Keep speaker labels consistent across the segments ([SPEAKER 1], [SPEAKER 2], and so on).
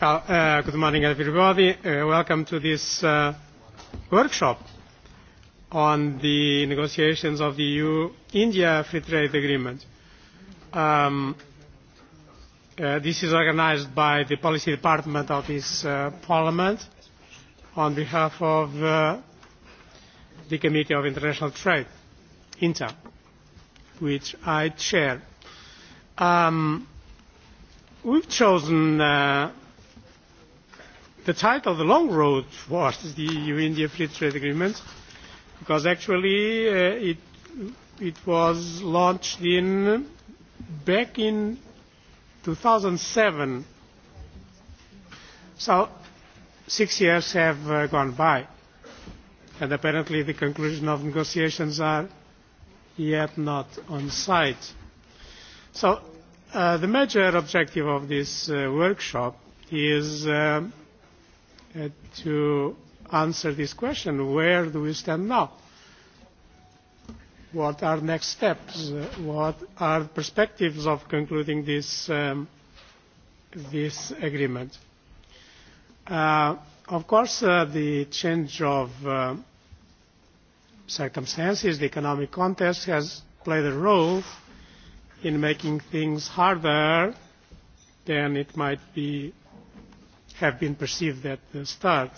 [SPEAKER 1] Uh, good morning, everybody. Uh, welcome to this uh, workshop on the negotiations of the EU-India Free Trade Agreement. Um, uh, this is organized by the Policy Department of this uh, Parliament on behalf of uh, the Committee of International Trade, INTA, which I chair Um, we've chosen uh, the title The Long Road Towards the EU-India Free Trade Agreement because actually uh, it, it was launched in back in 2007. So six years have uh, gone by and apparently the conclusion of negotiations are yet not on site So uh, the major objective of this uh, workshop is uh, uh, to answer this question, where do we stand now? What are next steps? What are the perspectives of concluding this, um, this agreement? Uh, of course, uh, the change of uh, circumstances, the economic context has played a role in making things harder than it might be have been perceived at the start.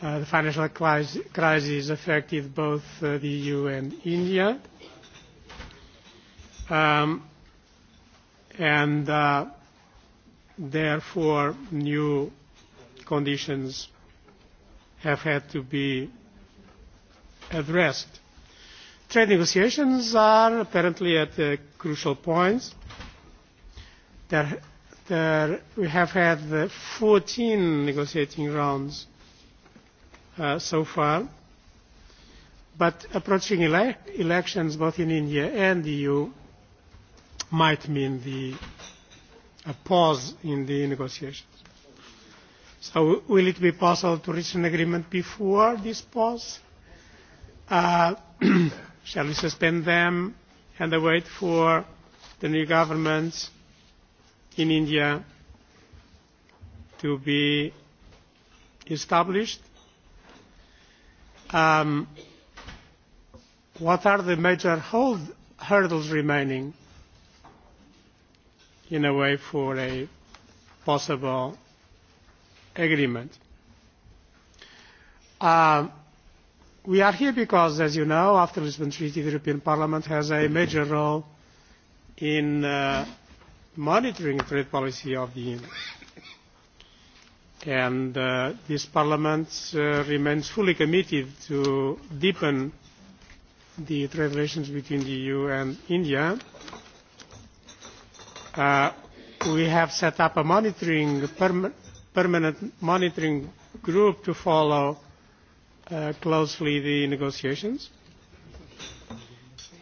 [SPEAKER 1] Uh, the financial crisis affected both uh, the EU and India. Um, and uh, therefore new conditions have had to be addressed Trade negotiations are apparently at a crucial points. There, there we have had 14 negotiating rounds uh, so far, but approaching ele- elections both in India and the EU might mean the, a pause in the negotiations. So will it be possible to reach an agreement before this pause? Uh, Shall we suspend them and wait for the new government in India to be established? Um, what are the major hold, hurdles remaining in a way for a possible agreement? we are here because, as you know, after the Lisbon Treaty, the European Parliament has a major role in uh, monitoring trade policy of the Union. And uh, this Parliament uh, remains fully committed to deepen the trade relations between the EU and India. Uh, we have set up a monitoring permanent monitoring group to follow closely the negotiations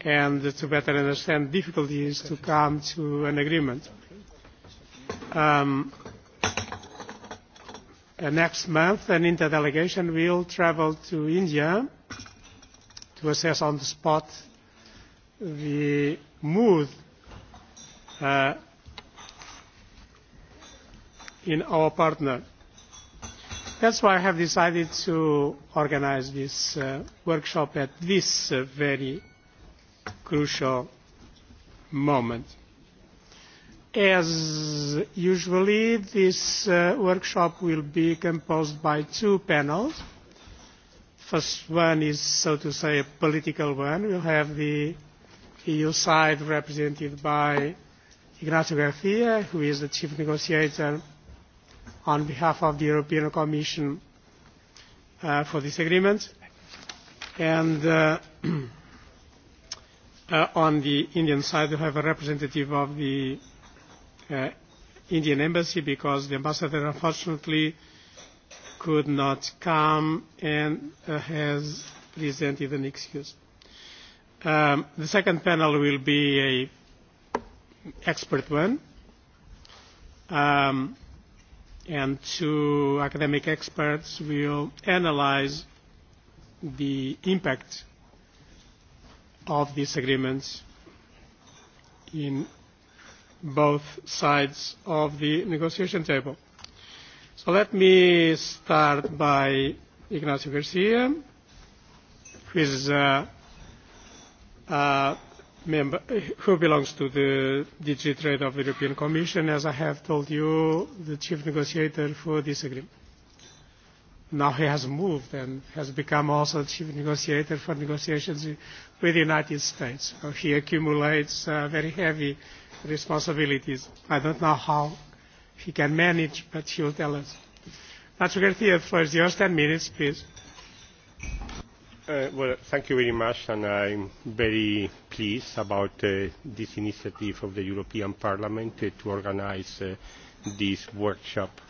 [SPEAKER 1] and to better understand difficulties to come to an agreement. Um, next month, an Inter delegation will travel to India to assess on the spot the mood uh, in our partner That's why I have decided to organize this uh, workshop at this uh, very crucial moment. As usually, this uh, workshop will be composed by two panels. First one is, so to say, a political one. We'll have the EU side represented by Ignacio Garcia, who is the chief negotiator on behalf of the European Commission uh, for this agreement. And uh, uh, on the Indian side, we have a representative of the uh, Indian embassy because the ambassador, unfortunately, could not come and uh, has presented an excuse. Um, the second panel will be an expert one. Um, and two academic experts will analyze the impact of these agreements in both sides of the negotiation table. So let me start by Ignacio Garcia, who is uh, uh, member who belongs to the DG Trade of the European Commission, as I have told you, the chief negotiator for this agreement. Now he has moved and has become also chief negotiator for negotiations with the United States. So he accumulates uh, very heavy responsibilities. I don't know how he can manage, but he will tell us. Mr Garcia, first, yours 10 minutes, please
[SPEAKER 2] thank you very much, and I am very pleased about this initiative of the European Parliament to organise this workshop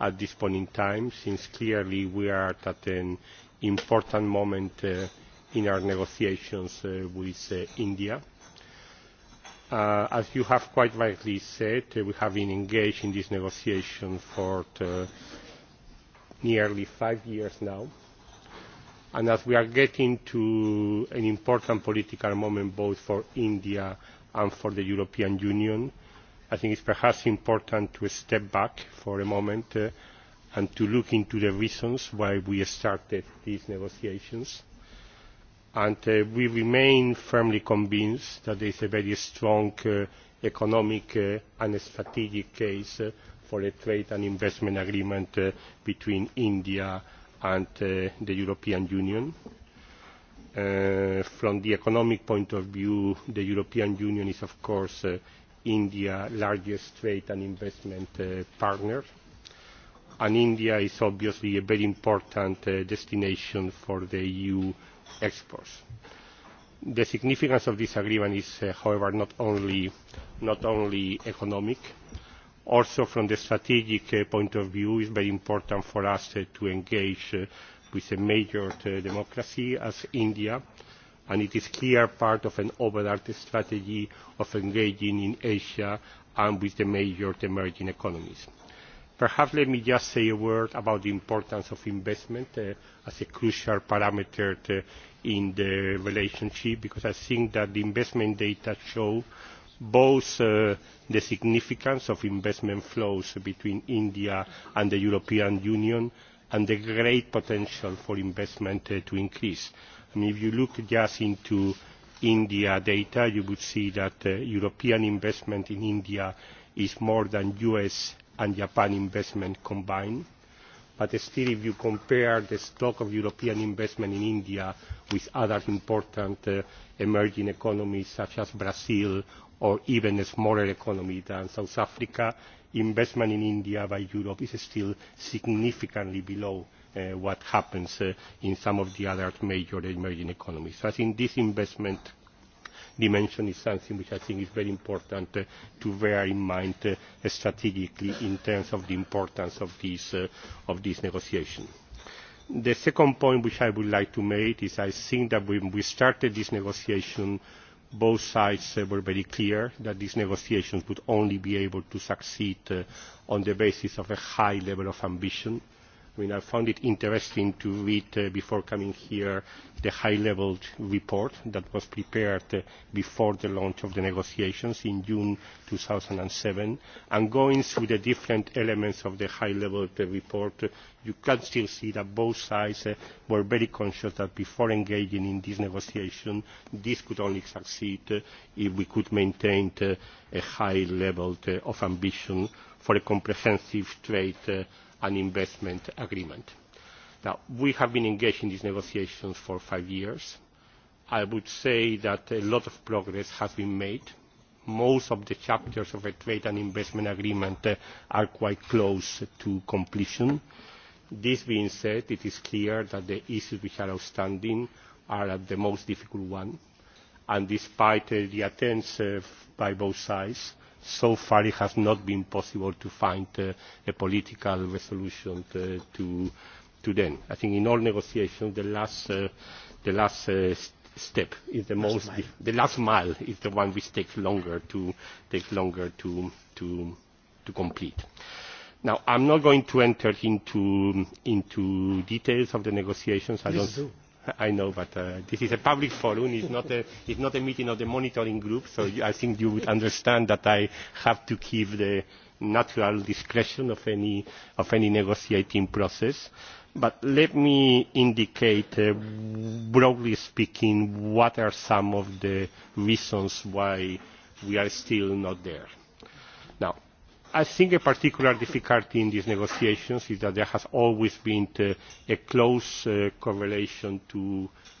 [SPEAKER 2] at this point in time, since clearly we are at an important moment in our negotiations with India. as you have quite rightly said, we have been engaged in this negotiation for nearly five years now and as we are getting to an important political moment both for India and for the European Union, I think it is perhaps important to step back for a moment and to look into the reasons why we started these negotiations. And we remain firmly convinced that there is a very strong economic and strategic case for a trade and investment agreement between India and and the European Union. from the economic point of view, the European Union is, of course, India's largest trade and investment partner. And India is obviously a very important destination for the EU exports. The significance of this agreement is, however, not only, economic also from the strategic point of view it is very important for us to engage with a major democracy as india and it is clearly part of an overall strategy of engaging in asia and with the major emerging economies. perhaps let me just say a word about the importance of investment as a crucial parameter in the relationship because i think that the investment data show that both the significance of investment flows between india and the european union and the great potential for investment to increase. if you look just into india data you would see that european investment in india is more than us and japan investment combined but still if you compare the stock of european investment in india with other important emerging economies such as brazil or even a smaller economy than South Africa, investment in India by Europe is still significantly below uh, what happens uh, in some of the other major emerging economies. So I think this investment dimension is something which I think is very important uh, to bear in mind uh, strategically in terms of the importance of this, uh, of this negotiation. The second point which I would like to make is I think that when we started this negotiation, both sides were very clear that these negotiations would only be able to succeed on the basis of a high level of ambition I mean, I found it interesting to read before coming here the high-level report that was prepared before the launch of the negotiations in June two thousand seven And going through the different elements of the high-level report, you can still see that both sides were very conscious that before engaging in this negotiation, this could only succeed if we could maintain a high level of ambition for a comprehensive trade an investment agreement. Now, we have been engaged in these negotiations for five years. I would say that a lot of progress has been made. Most of the chapters of a trade and investment agreement are quite close to completion. This being said, it is clear that the issues which are outstanding are the most difficult one. And despite the attempts by both sides, so far it has not been possible to find uh, a political resolution to, to, to them. I think in all negotiations, the last, uh, the last uh, step is the most, the last mile is the one which takes longer to, takes longer to, to, to complete. Now, I'm not going to enter into, into details of the negotiations. I don't, I know, but uh, this is a public forum. It's not a, it's not a meeting of the monitoring group, so you I think you would understand that I have to keep the natural discretion of any, of any negotiating process. But let me indicate, uh, broadly speaking, what are some of the reasons why we are still not there I think a particular difficulty in these negotiations is that there has always been a close correlation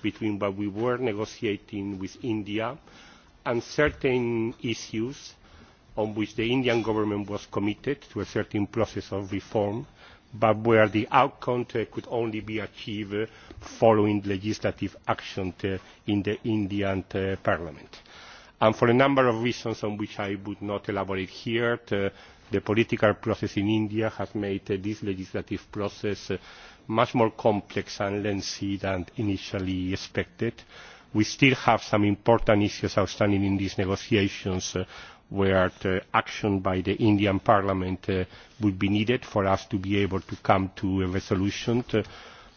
[SPEAKER 2] between what we were negotiating with India and certain issues on which the Indian government was committed to a certain process of reform, but where the outcome could only be achieved following legislative action in the Indian parliament. And for a number of reasons on which I would not elaborate here, to the political process in India has made this legislative process much more complex and lengthy than initially expected. We still have some important issues outstanding in these negotiations where action by the Indian Parliament would be needed for us to be able to come to a resolution.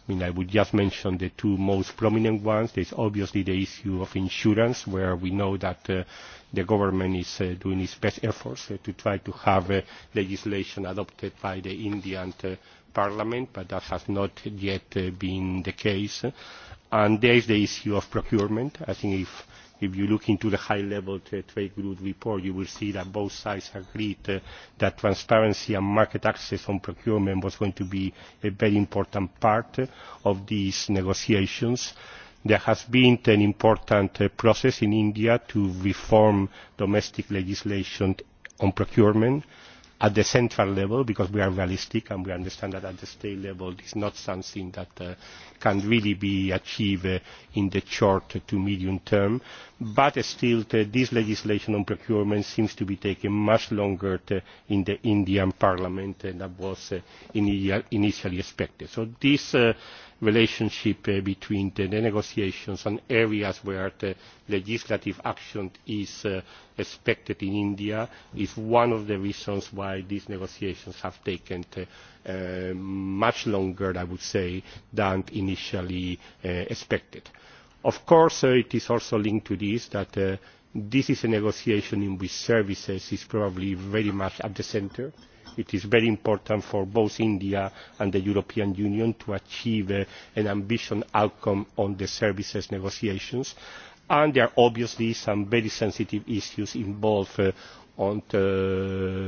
[SPEAKER 2] I mean, I would just mention the two most prominent ones. There's obviously the issue of insurance, where we know that uh, the government is uh, doing its best efforts uh, to try to have uh, legislation adopted by the Indian uh, parliament, but that has not yet uh, been the case. And there is the issue of procurement. I think if if you look into the high level trade group report you will see that both sides agreed that transparency and market access on procurement was going to be a very important part of these negotiations. There has been an important process in India to reform domestic legislation on procurement at the central level, because we are realistic and we understand that at the state level it is not something that uh, can really be achieved uh, in the short to medium term. But uh, still, uh, this legislation on procurement seems to be taking much longer to, in the Indian parliament than was uh, initially expected. So this uh, relationship between the negotiations and areas where the legislative action is expected in India is one of the reasons why these negotiations have taken much longer, I would say, than initially expected. Of course, it is also linked to this that this is a negotiation in which services is probably very much at the centre it is very important for both india and the european union to achieve an ambitious outcome on the services negotiations and there are obviously some very sensitive issues involved on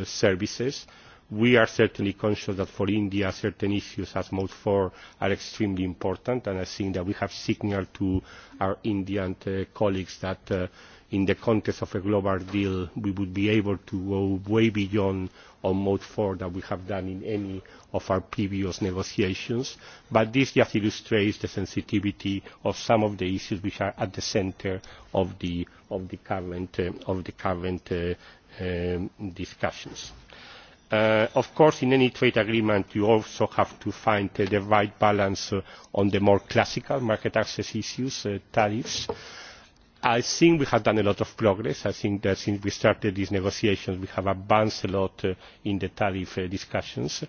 [SPEAKER 2] services. we are certainly conscious that for india certain issues as mode four are extremely important and i think that we have signalled to our indian colleagues that in the context of a global deal, we would be able to go way beyond on mode four that we have done in any of our previous negotiations. But this just illustrates the sensitivity of some of the issues which are at the centre of the, of the current, of the current discussions. of course, in any trade agreement, you also have to find the right balance on the more classical market access issues, tariffs, I think we have done a lot of progress. I think that since we started these negotiations, we have advanced a lot in the tariff discussions.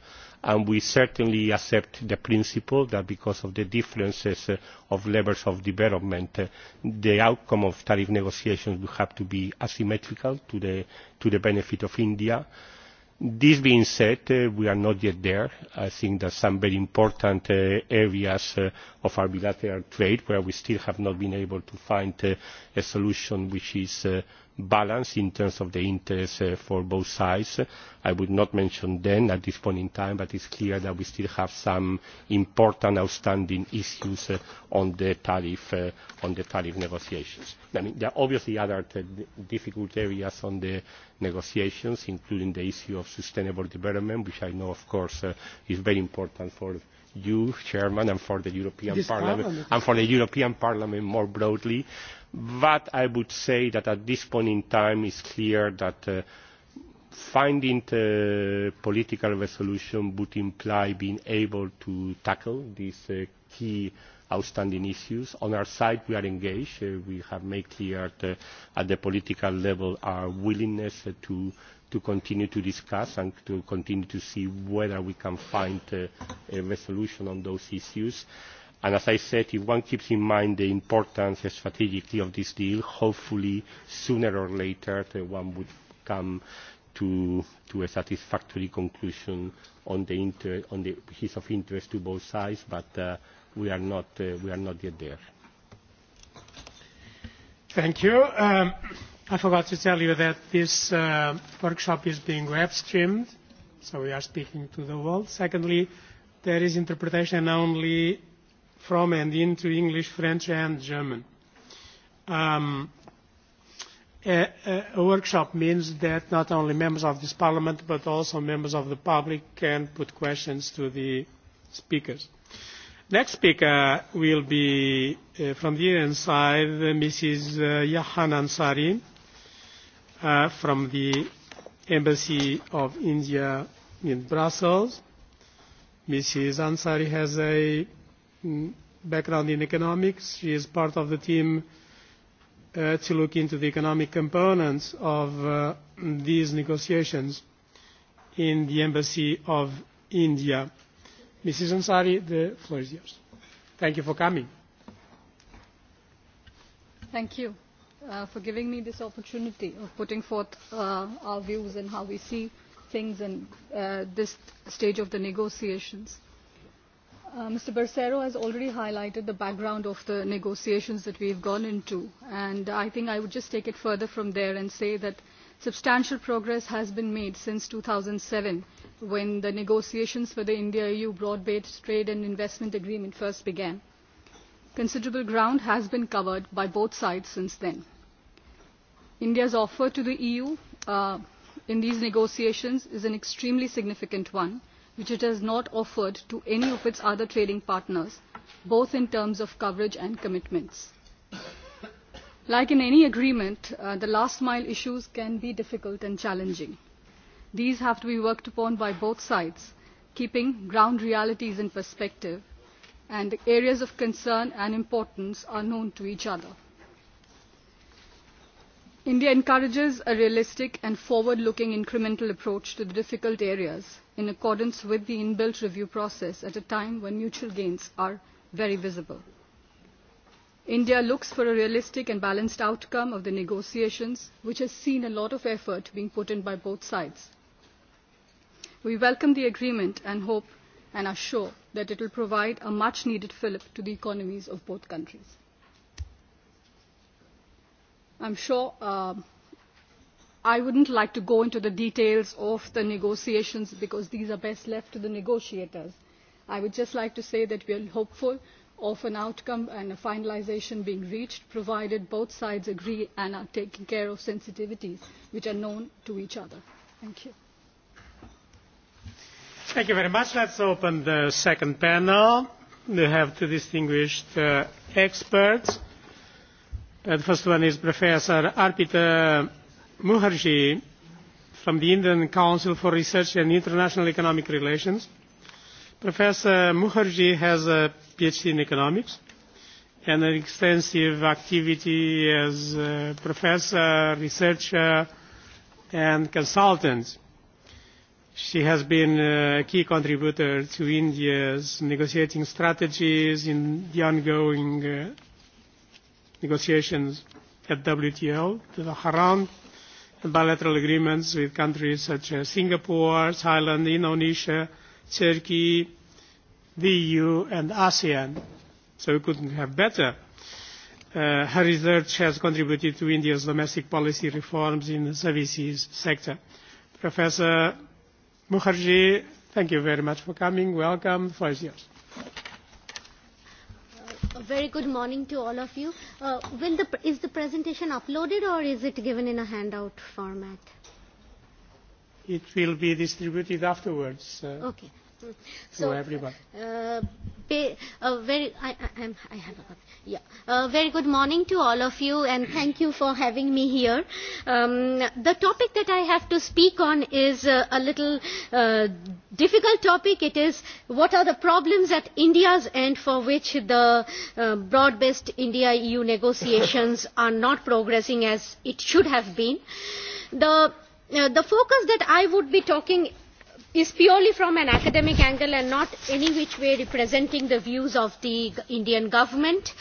[SPEAKER 2] And we certainly accept the principle that because of the differences of levels of development, the outcome of tariff negotiations will have to be asymmetrical to the benefit of India This being said, we are not yet there. I think that some very important areas of our bilateral trade where we still have not been able to find a solution which is balance in terms of the interest for both sides. I would not mention them at this point in time, but it's clear that we still have some important outstanding issues on the tariff negotiations. There are obviously other difficult areas on the negotiations, including the issue of sustainable development, which I know, of course, is very important for you, Chairman, and for the European Parliament, and for the European Parliament more broadly but i would say that at this point in time it is clear that finding a political resolution would imply being able to tackle these key outstanding issues. on our side we are engaged. we have made clear at the political level our willingness to to continue to discuss and to continue to see whether we can find a resolution on those issues and as i said if one keeps in mind the importance strategically of this deal hopefully sooner or later one would come to a satisfactory conclusion on the inter on the piece of interest to both sides but uh, we are not uh, we are not yet there
[SPEAKER 1] thank you um, i forgot to tell you that this uh, workshop is being web streamed so we are speaking to the world secondly there is interpretation only from and into English, French and German. Um, a, a workshop means that not only members of this parliament but also members of the public can put questions to the speakers. Next speaker will be uh, from the Iran side, Mrs. Uh, Yahan Ansari uh, from the Embassy of India in Brussels. Mrs. Ansari has a background in economics. She is part of the team uh, to look into the economic components of uh, these negotiations in the Embassy of India. Mrs. Ansari, the floor is yours. Thank you for coming.
[SPEAKER 3] Thank you uh, for giving me this opportunity of putting forth uh, our views and how we see things in uh, this stage of the negotiations Mr. Bercero has already highlighted the background of the negotiations that we have gone into, and I think I would just take it further from there and say that substantial progress has been made since two thousand seven, when the negotiations for the India-EU broad-based trade and investment agreement first began. Considerable ground has been covered by both sides since then. India's offer to the EU in these negotiations is an extremely significant one which it has not offered to any of its other trading partners, both in terms of coverage and commitments. Like in any agreement, the last mile issues can be difficult and challenging. These have to be worked upon by both sides, keeping ground realities in perspective, and the areas of concern and importance are known to each other. India encourages a realistic and forward-looking incremental approach to the difficult areas in accordance with the inbuilt review process at a time when mutual gains are very visible. India looks for a realistic and balanced outcome of the negotiations, which has seen a lot of effort being put in by both sides. We welcome the agreement and hope and are sure that it will provide a much-needed fillip to the economies of both countries. I'm sure I I wouldn't like to go into the details of the negotiations because these are best left to the negotiators. I would just like to say that we are hopeful of an outcome and a finalisation being reached, provided both sides agree and are taking care of sensitivities which are known to each other. Thank you.
[SPEAKER 1] Thank you very much. Let's open the second panel. We have two distinguished experts the first one is Professor Arpita Mukherjee from the Indian Council for Research and International Economic Relations. Professor Mukherjee has a PhD in economics and an extensive activity as a professor, researcher, and consultant. She has been a key contributor to India's negotiating strategies in the ongoing negotiations at WTO, to the Haran, and bilateral agreements with countries such as Singapore, Thailand, Indonesia, Turkey, the EU, and ASEAN. So we couldn't have better. Uh, her research has contributed to India's domestic policy reforms in the services sector. Professor Mukherjee, thank you very much for coming. Welcome. The floor is yours
[SPEAKER 4] very good morning to all of you. Uh, will the, is the presentation uploaded or is it given in a handout format?
[SPEAKER 1] It will be distributed afterwards. Uh, okay
[SPEAKER 4] so, everyone. Uh, a very, I, I, I have a, yeah. uh, very good morning to all of you, and thank you for having me here. Um, the topic that I have to speak on is uh, a little uh, difficult topic. It is what are the problems at India's end for which the uh, broad-based India-EU negotiations are not progressing as it should have been. The uh the focus that I would be talking is purely from an academic angle and not any which way representing the views of the Indian government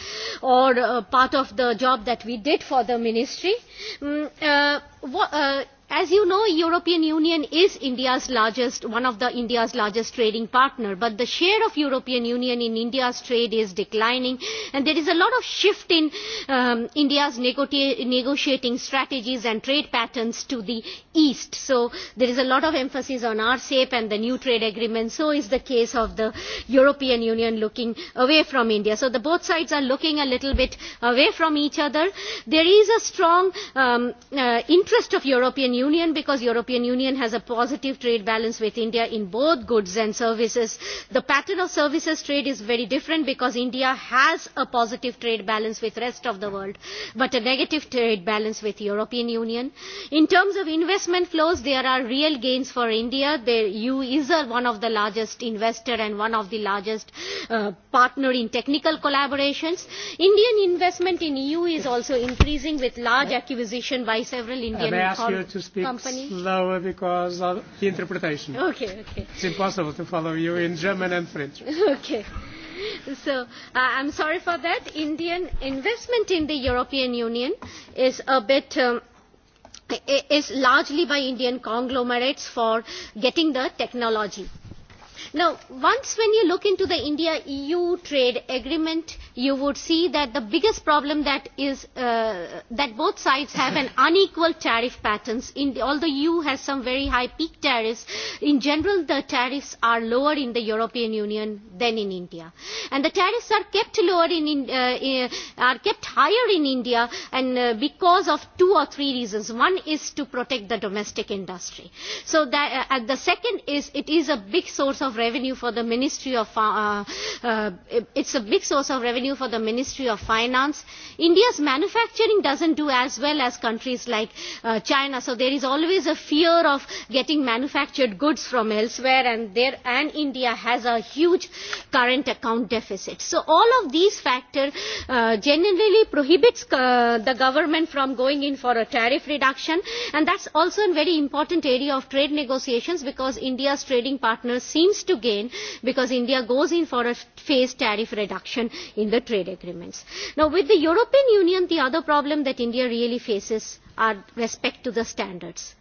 [SPEAKER 4] or uh, part of the job that we did for the ministry. Mm, uh, what, uh, As you know, European Union is India's largest, one of the India's largest trading partner, but the share of European Union in India's trade is declining, and there is a lot of shift in um, India's negotiating strategies and trade patterns to the east. So there is a lot of emphasis on RCEP and the new trade agreement. So is the case of the European Union looking away from India. So the both sides are looking a little bit away from each other. There is a strong um, uh, interest of European union because european union has a positive trade balance with india in both goods and services the pattern of services trade is very different because india has a positive trade balance with the rest of the world but a negative trade balance with the european union in terms of investment flows there are real gains for india the eu is a, one of the largest investor and one of the largest uh, partner in technical collaborations indian investment in eu is also increasing with large acquisition by several indian uh,
[SPEAKER 1] speak company? slower because of the interpretation. Okay, okay. It's impossible to follow you in German and French.
[SPEAKER 4] Okay. So uh, I'm sorry for that. Indian investment in the European Union is a bit. Um, is largely by Indian conglomerates for getting the technology. Now, once when you look into the India-EU trade agreement, you would see that the biggest problem that is uh, that both sides have an unequal tariff patterns in the, although EU has some very high peak tariffs in general the tariffs are lower in the European Union than in India and the tariffs are kept lower in, uh, are kept higher in India and uh, because of two or three reasons one is to protect the domestic industry so that uh, the second is it is a big source of revenue for the ministry of uh, uh, it's a big source of revenue revenue for the Ministry of Finance. India's manufacturing doesn't do as well as countries like uh, China, so there is always a fear of getting manufactured goods from elsewhere, and, there, and India has a huge current account deficit. So all of these factors uh, generally prohibits uh, the government from going in for a tariff reduction, and that's also a very important area of trade negotiations because India's trading partners seems to gain because India goes in for a phased tariff reduction in the trade agreements. Now, with the European Union, the other problem that India really faces are respect to the standards.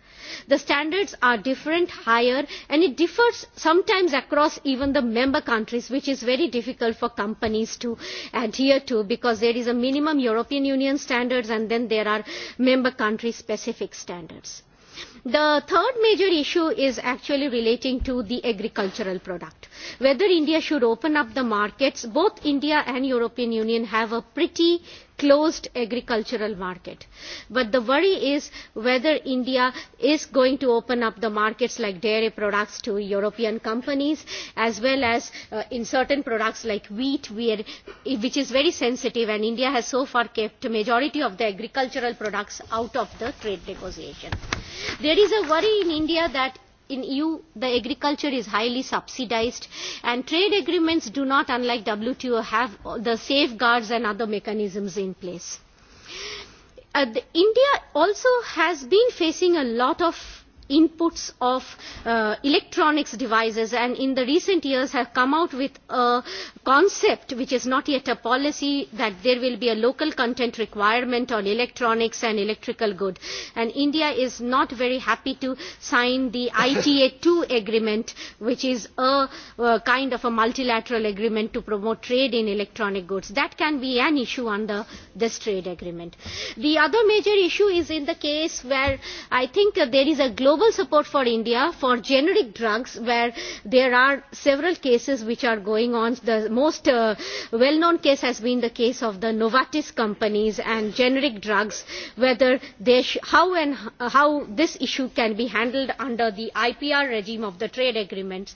[SPEAKER 4] The standards are different, higher, and it differs sometimes across even the member countries, which is very difficult for companies to adhere to because there is a minimum European Union standards and then there are member country specific standards The third major issue is actually relating to the agricultural product. Whether India should open up the markets, both India and European Union have a pretty closed agricultural market. But the worry is whether India is going to open up the markets like dairy products to European companies as well as uh, in certain products like wheat where, which is very sensitive and India has so far kept the majority of the agricultural products out of the trade negotiation. There is a worry in India that in EU, the agriculture is highly subsidized and trade agreements do not, unlike WTO, have the safeguards and other mechanisms in place. Uh, the, India also has been facing a lot of inputs of electronics devices and in the recent years have come out with a concept which is not yet a policy that there will be a local content requirement on electronics and electrical goods. And India is not very happy to sign the ITA 2 agreement which is a kind of a multilateral agreement to promote trade in electronic goods. That can be an issue under this trade agreement. The other major issue is in the case where I think there is a global global support for India for generic drugs where there are several cases which are going on. The most uh, well-known case has been the case of the Novartis companies and generic drugs, whether they sh how, and, uh, how this issue can be handled under the IPR regime of the trade agreements.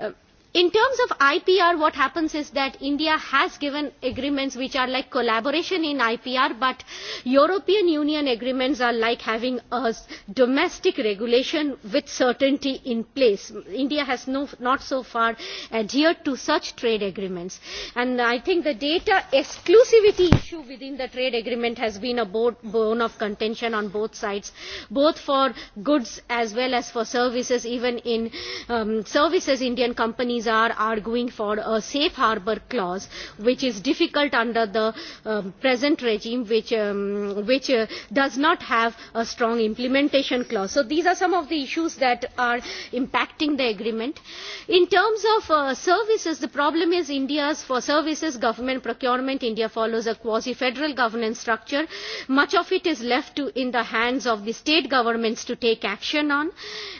[SPEAKER 4] Uh, In terms of IPR, what happens is that India has given agreements which are like collaboration in IPR, but European Union agreements are like having a domestic regulation with certainty in place. India has no, not so far adhered to such trade agreements. And I think the data exclusivity issue within the trade agreement has been a bone of contention on both sides, both for goods as well as for services. Even in um, services, Indian companies parties are arguing for a safe harbour clause which is difficult under the um, present regime which, um, which uh, does not have a strong implementation clause. So these are some of the issues that are impacting the agreement. In terms of uh, services, the problem is India's for services government procurement. India follows a quasi-federal governance structure. Much of it is left to, in the hands of the state governments to take action on.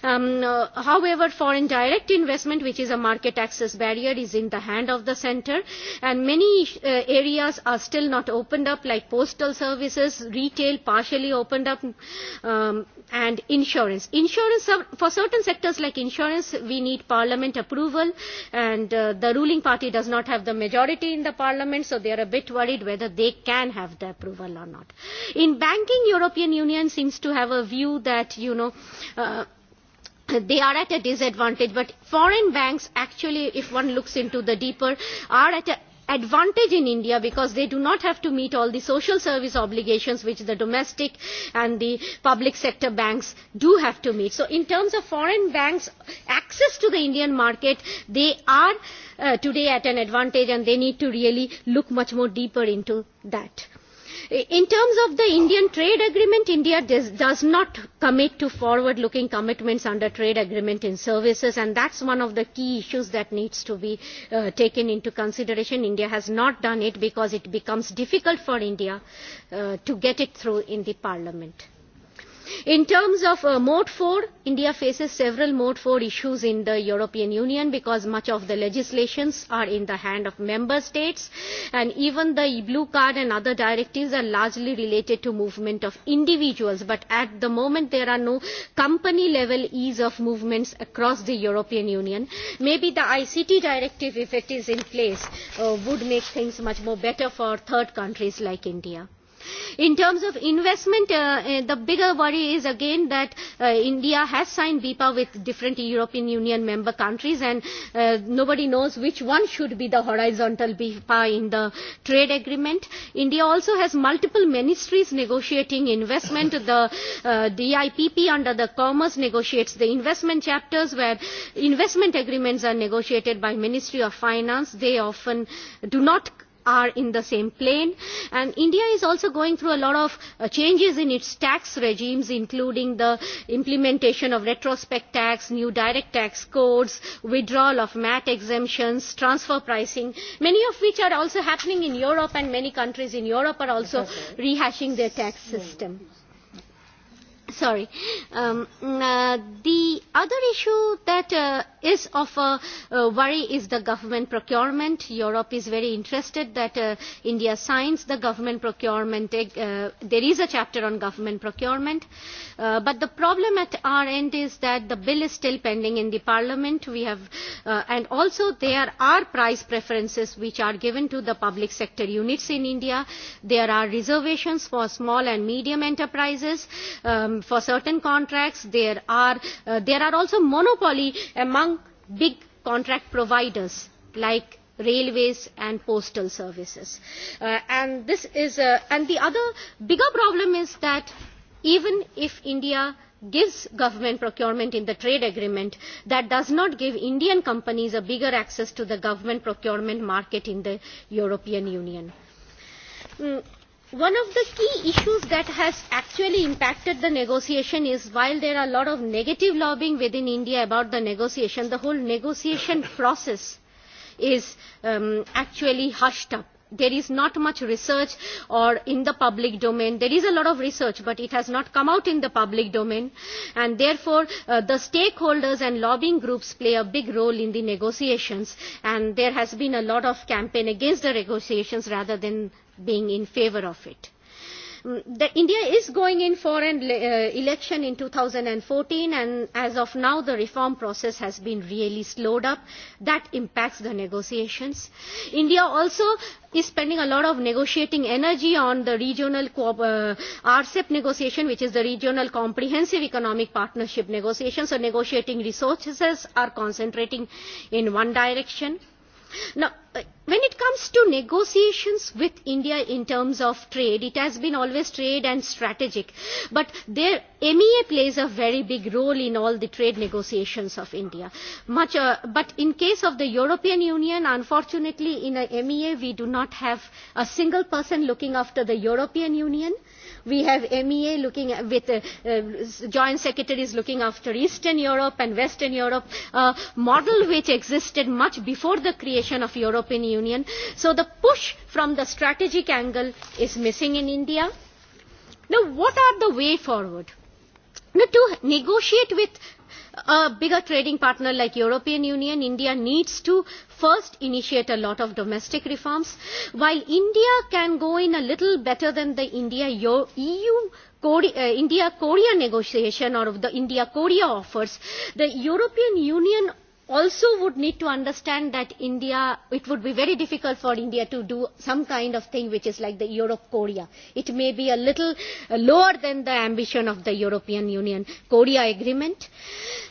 [SPEAKER 4] Um, uh, however, foreign direct investment, which is a market market access barrier is in the hand of the centre and many uh areas are still not opened up like postal services, retail partially opened up and insurance. Insurance for certain sectors like insurance we need parliament approval and uh the ruling party does not have the majority in the parliament so they are a bit worried whether they can have the approval or not. In banking European Union seems to have a view that you know uh, they are at a disadvantage but foreign banks actually if one looks into the deeper are at a advantage in India because they do not have to meet all the social service obligations which the domestic and the public sector banks do have to meet. So in terms of foreign banks' access to the Indian market, they are uh, today at an advantage and they need to really look much more deeper into that In terms of the Indian trade agreement, India does not commit to forward-looking commitments under trade agreement in services, and that's one of the key issues that needs to be uh, taken into consideration. India has not done it because it becomes difficult for India uh, to get it through in the parliament. In terms of uh, Mode 4, India faces several Mode 4 issues in the European Union because much of the legislations are in the hand of member states and even the blue card and other directives are largely related to movement of individuals but at the moment there are no company level ease of movements across the European Union. Maybe the ICT directive if it is in place uh, would make things much more better for third countries like India. In terms of investment, uh, the bigger worry is again that uh, India has signed BIPA with different European Union member countries and uh, nobody knows which one should be the horizontal BIPA in the trade agreement. India also has multiple ministries negotiating investment. The uh, DIPP under the Commerce negotiates the investment chapters where investment agreements are negotiated by Ministry of Finance. They often do not are in the same plane. And India is also going through a lot of uh, changes in its tax regimes, including the implementation of retrospect tax, new direct tax codes, withdrawal of MAT exemptions, transfer pricing, many of which are also happening in Europe and many countries in Europe are also rehashing their tax system. Sorry. Um, uh, the other issue that uh, is of a uh, worry is the government procurement. Europe is very interested that uh, India signs the government procurement. Uh, there is a chapter on government procurement. Uh, but the problem at our end is that the bill is still pending in the parliament. We have, uh, and also there are price preferences which are given to the public sector units in India. There are reservations for small and medium enterprises. Um, for certain contracts there are uh, there are also monopoly among big contract providers like railways and postal services uh, and this is a, and the other bigger problem is that even if india gives government procurement in the trade agreement that does not give indian companies a bigger access to the government procurement market in the european union One of the key issues that has actually impacted the negotiation is while there are a lot of negative lobbying within India about the negotiation, the whole negotiation process is um, actually hushed up. There is not much research or in the public domain. There is a lot of research, but it has not come out in the public domain. And therefore, uh, the stakeholders and lobbying groups play a big role in the negotiations. And there has been a lot of campaign against the negotiations rather than being in favour of it. The India is going in for an election in 2014 and as of now the reform process has been really slowed up. That impacts the negotiations. India also is spending a lot of negotiating energy on the regional uh, RCEP negotiation, which is the regional comprehensive economic partnership negotiation. So negotiating resources are concentrating in one direction Now, when it comes to negotiations with India in terms of trade, it has been always trade and strategic. But their MEA plays a very big role in all the trade negotiations of India. Much, uh, but in case of the European Union, unfortunately, in a MEA, we do not have a single person looking after the European Union We have MEA looking at, with uh, joint secretaries looking after Eastern Europe and Western Europe, a model which existed much before the creation of European Union. So the push from the strategic angle is missing in India. Now, what are the way forward? Now, to negotiate with a bigger trading partner like European Union, India needs to first initiate a lot of domestic reforms. While India can go in a little better than the India-EU India-Korea negotiation or the India-Korea offers, the European Union also would need to understand that India, it would be very difficult for India to do some kind of thing which is like the Europe Korea. It may be a little lower than the ambition of the European Union Korea agreement.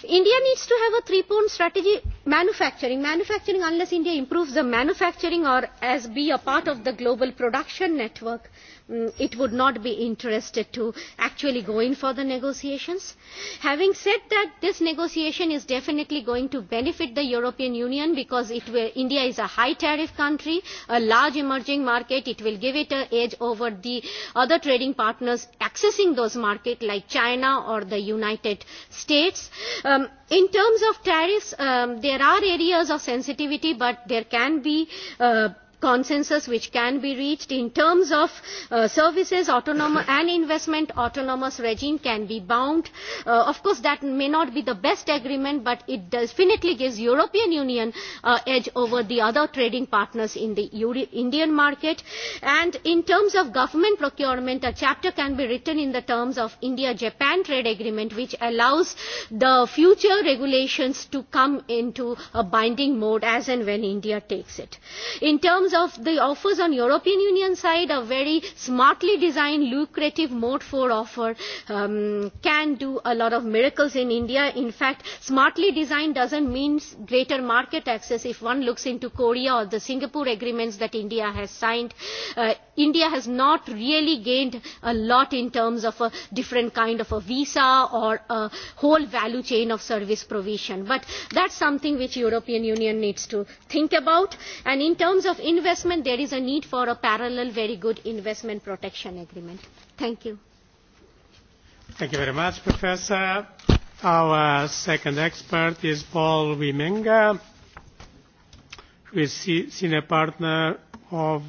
[SPEAKER 4] India needs to have a three point strategy, manufacturing. Manufacturing, unless India improves the manufacturing or as be a part of the global production network, it would not be interested to actually go in for the negotiations. Having said that, this negotiation is definitely going to benefit the European Union because it will, India is a high tariff country, a large emerging market. It will give it an edge over the other trading partners accessing those markets like China or the United States. Um, in terms of tariffs, um, there are areas of sensitivity, but there can be uh, consensus which can be reached in terms of uh, services autonomous and investment autonomous regime can be bound uh, of course that may not be the best agreement but it definitely gives european union uh, edge over the other trading partners in the Euro- indian market and in terms of government procurement a chapter can be written in the terms of india japan trade agreement which allows the future regulations to come into a binding mode as and when india takes it in terms terms of the offers on European Union side, a very smartly designed, lucrative mode for offer um, can do a lot of miracles in India. In fact, smartly designed doesn't mean greater market access. If one looks into Korea or the Singapore agreements that India has signed, uh, India has not really gained a lot in terms of a different kind of a visa or a whole value chain of service provision. But that's something which European Union needs to think about. And in terms of investment, there is a need for a parallel very good investment protection agreement. Thank you.
[SPEAKER 1] Thank you very much, Professor. Our second expert is Paul Wimenga, who is senior partner of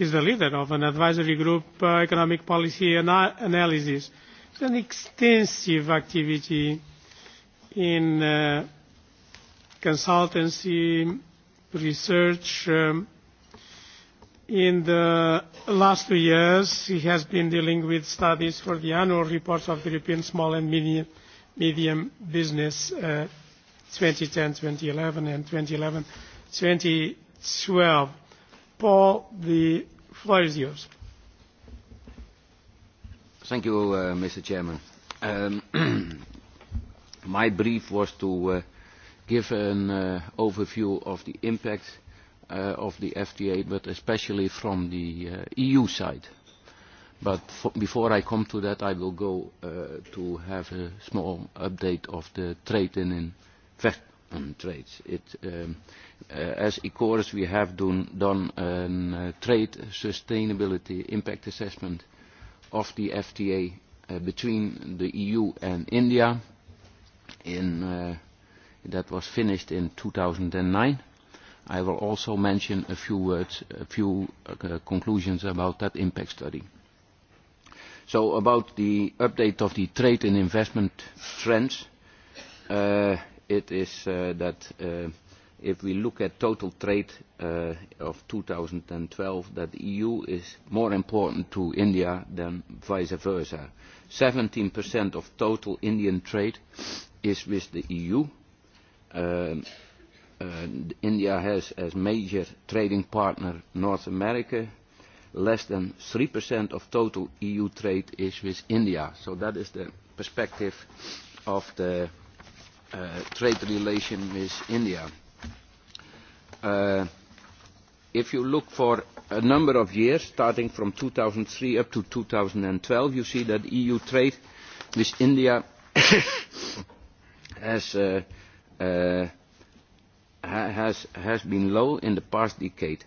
[SPEAKER 1] is the leader of an advisory group uh, economic policy ana analysis. It's an extensive activity in uh, consultancy, research. Um, in the last two years, he has been dealing with studies for the annual reports of the European Small and Medium, medium Business uh, 2010-2011 and 2011-2012 Paul, the floor is yours.
[SPEAKER 5] Thank you, uh, Mr. Chairman. Um, my brief was to uh, give an uh, overview of the impact uh, of the FTA, but especially from the uh, EU side. But f before I come to that, I will go uh, to have a small update of the trade in investment trades. It, um, as ECORES we have done a trade sustainability impact assessment of the FTA between the EU and India. that was finished in two thousand nine. I will also mention a few words, a few conclusions about that impact study. So about the update of the trade and investment trends, it is that if we look at total trade uh, of 2012, that the EU is more important to India than vice versa. 17% of total Indian trade is with the EU. Um, uh, India has as major trading partner North America. Less than 3% of total EU trade is with India. So that is the perspective of the uh, trade relation with India if you look for a number of years, starting from 2003 up to 2012, you see that EU trade with India has, uh, uh, has, has been low in the past decade.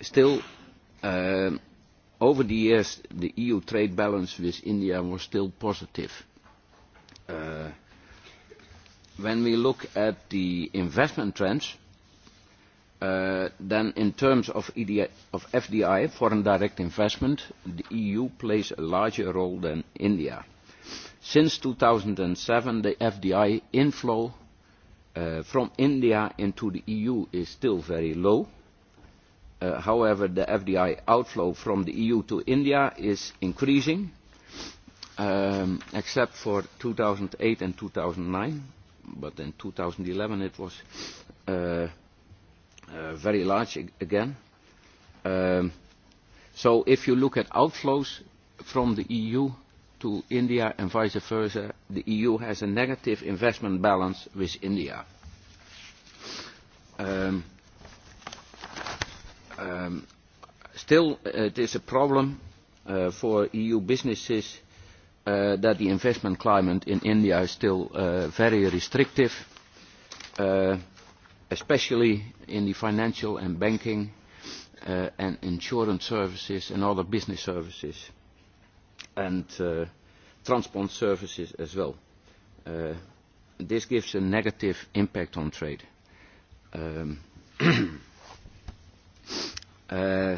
[SPEAKER 5] Still, uh, over the years, the EU trade balance with India was still positive. Uh, when we look at the investment trends, then in terms of, EDI, of FDI, foreign direct investment, the EU plays a larger role than India. Since 2007, the FDI inflow uh, from India into the EU is still very low. Uh, however, the FDI outflow from the EU to India is increasing, um, except for 2008 and 2009. But in 2011, it was uh, very large again. So if you look at outflows from the EU to India and vice versa, the EU has a negative investment balance with India. Still, it is a problem for EU businesses that the investment climate in India is still very restrictive especially in the financial and banking uh, and insurance services and other business services and uh, transport services as well. Uh, this gives a negative impact on trade. Um, uh,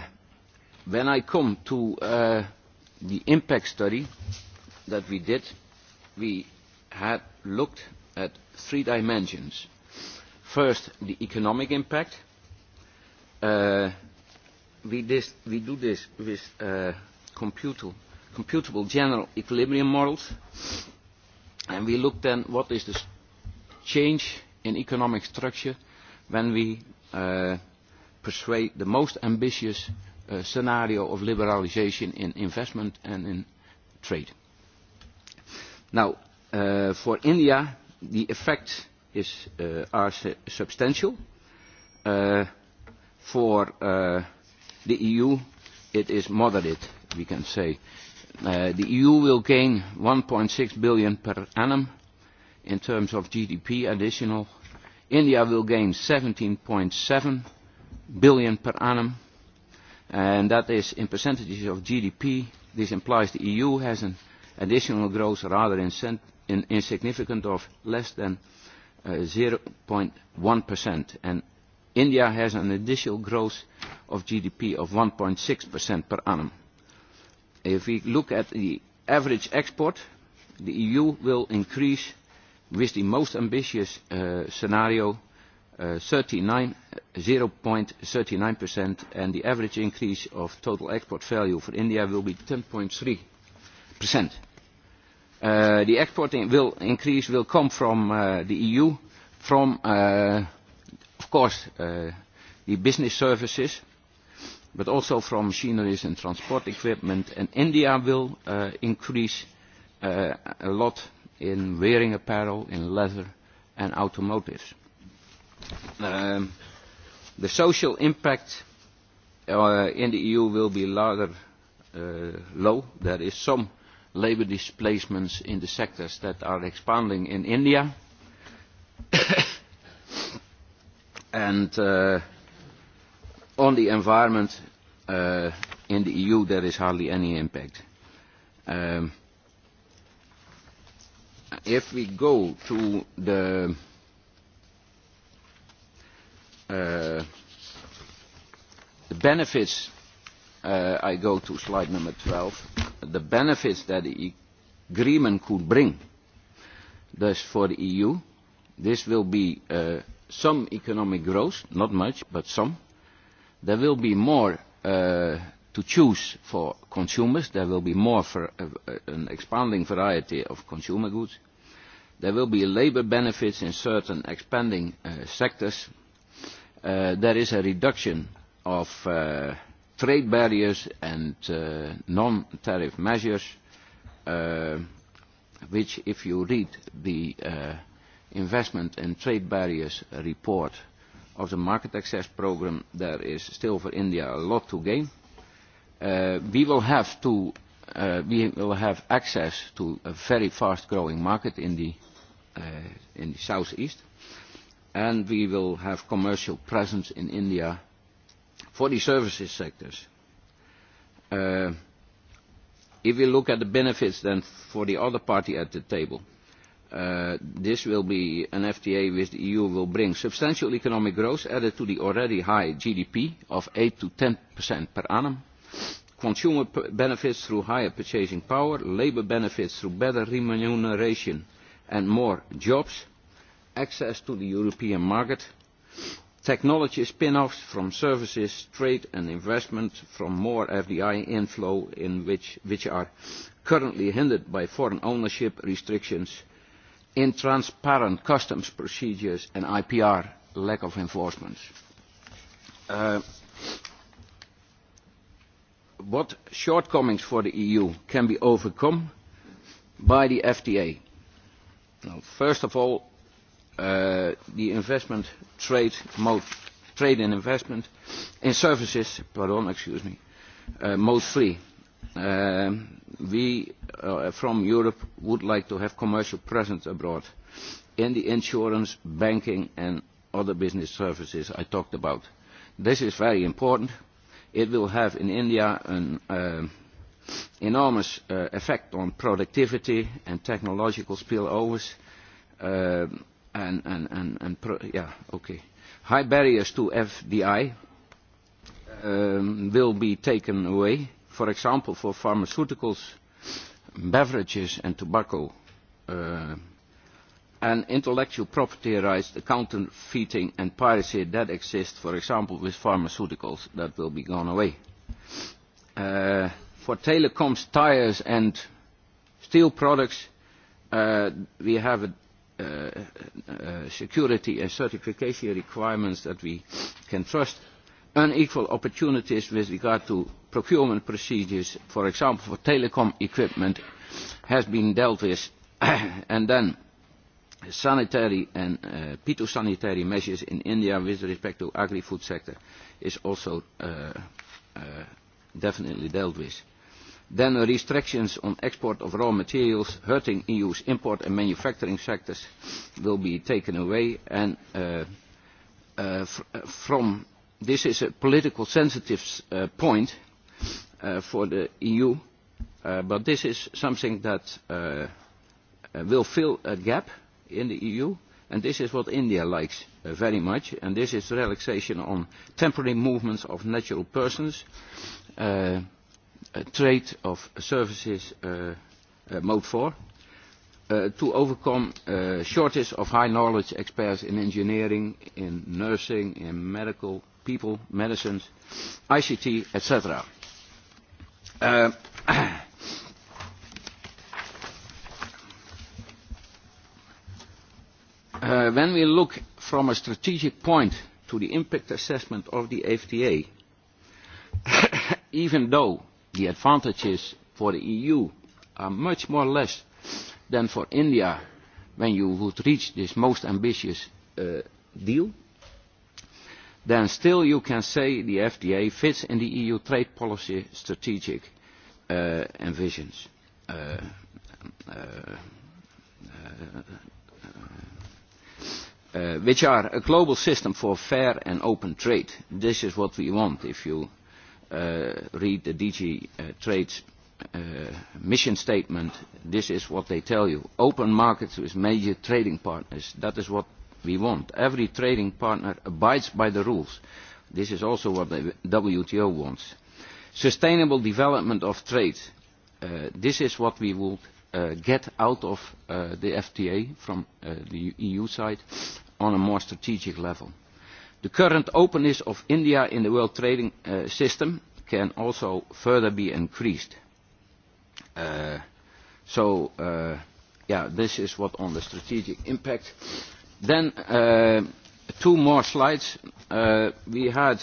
[SPEAKER 5] when I come to uh, the impact study that we did, we had looked at three dimensions First, the economic impact. We do this with computable general equilibrium models, and we look then what is the change in economic structure when we persuade the most ambitious scenario of liberalization in investment and in trade. Now, for India, the effect is, uh, are substantial. Uh, for uh, the EU, it is moderate, we can say. Uh, the EU will gain 1.6 billion per annum in terms of GDP additional. India will gain 17.7 billion per annum, and that is in percentages of GDP. This implies the EU has an additional growth rather insignificant of less than 0.1%, and India has an additional growth of GDP of 1.6% per annum. If we look at the average export, the EU will increase with the most ambitious uh, scenario 0.39%, and the average increase of total export value for India will be 10.3% the export will increase will come from uh, the EU, from, uh, of course, uh, the business services, but also from machineries and transport equipment. And India will uh, increase uh, a lot in wearing apparel, in leather and automotives. Um, the social impact uh, in the EU will be rather uh, low. There is some uh, labour displacements in the sectors that are expanding in India. and uh, on the environment uh, in the EU, there is hardly any impact. Um, if we go to the uh, the benefits I go to slide number 12, the benefits that the agreement could bring thus for the EU. This will be uh, some economic growth, not much, but some. There will be more uh, to choose for consumers. There will be more for uh, an expanding variety of consumer goods. There will be labour benefits in certain expanding uh, sectors. Uh, there is a reduction of uh, trade barriers and uh, non-tariff measures, uh, which if you read the uh, investment and trade barriers report of the market access program, there is still for India a lot to gain. Uh, we will have to uh, we will have access to a very fast growing market in the, uh, in the southeast and we will have commercial presence in India for the services sectors. Uh, if we look at the benefits then for the other party at the table, uh, this will be an FTA which the EU will bring substantial economic growth added to the already high GDP of 8 to 10% per annum, consumer benefits through higher purchasing power, labour benefits through better remuneration and more jobs, access to the European market, technology spin-offs from services, trade and investment from more FDI inflow which, which are currently hindered by foreign ownership restrictions, intransparent customs procedures and IPR lack of enforcement. Uh, what shortcomings for the EU can be overcome by the FTA? Now, first of all, the investment trade mode, trade and investment in services, pardon, excuse me, uh, mode three. Um, we uh, from Europe would like to have commercial presence abroad in the insurance, banking and other business services I talked about. This is very important. It will have in India an um, enormous uh, effect on productivity and technological spillovers. Uh, and, and, and, and pro yeah, okay. High barriers to FDI um, will be taken away, for example, for pharmaceuticals, beverages and tobacco, uh, and intellectual property rights, the counterfeiting and piracy that exist, for example, with pharmaceuticals, that will be gone away. Uh, for telecoms, tires and steel products, uh, we have a security and certification requirements that we can trust, unequal opportunities with regard to procurement procedures, for example for telecom equipment, has been dealt with, and then sanitary and uh, phytosanitary measures in India with respect to agri-food sector is also uh, uh, definitely dealt with Then restrictions on export of raw materials hurting EU's import and manufacturing sectors will be taken away. And from this is a political sensitive point for the EU, but this is something that will fill a gap in the EU, and this is what India likes very much, and this is relaxation on temporary movements of natural persons trade of services mode four to overcome uh, shortage of high knowledge experts in engineering, in nursing, in medical, people, medicines, ICT, etc. Uh, uh, when we look from a strategic point to the impact assessment of the FTA, even though the advantages for the EU are much more less than for India when you would reach this most ambitious uh, deal, then still you can say the FDA fits in the EU trade policy strategic uh, envisions. Uh, uh, uh, which are a global system for fair and open trade. This is what we want if you uh, read the DG uh, Trade's uh, mission statement, this is what they tell you. Open markets with major trading partners. That is what we want. Every trading partner abides by the rules. This is also what the WTO wants. Sustainable development of trade. Uh, this is what we would uh, get out of uh, the FTA from uh, the EU side on a more strategic level The current openness of India in the world trading system can also further be increased. so, this is what on the strategic impact. Then, two more slides. we had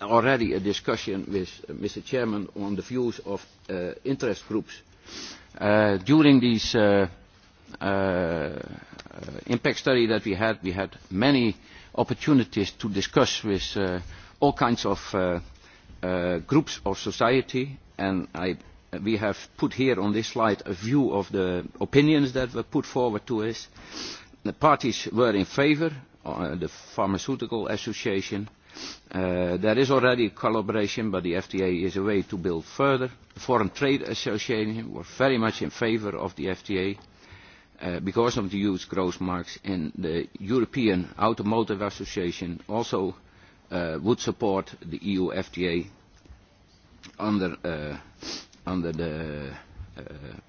[SPEAKER 5] already a discussion with Mr. Chairman on the views of interest groups. during these uh, impact study that we had, we had many uh, opportunities to discuss with uh, all kinds of uh, uh, groups of society and I, we have put here on this slide a view of the opinions that were put forward to us. The parties were in favour, uh, the Pharmaceutical Association. Uh, there is already collaboration, but the FTA is a way to build further. The Foreign Trade Association were very much in favour of the FTA because of the huge growth marks and the European Automotive Association also would support the EU FTA under, the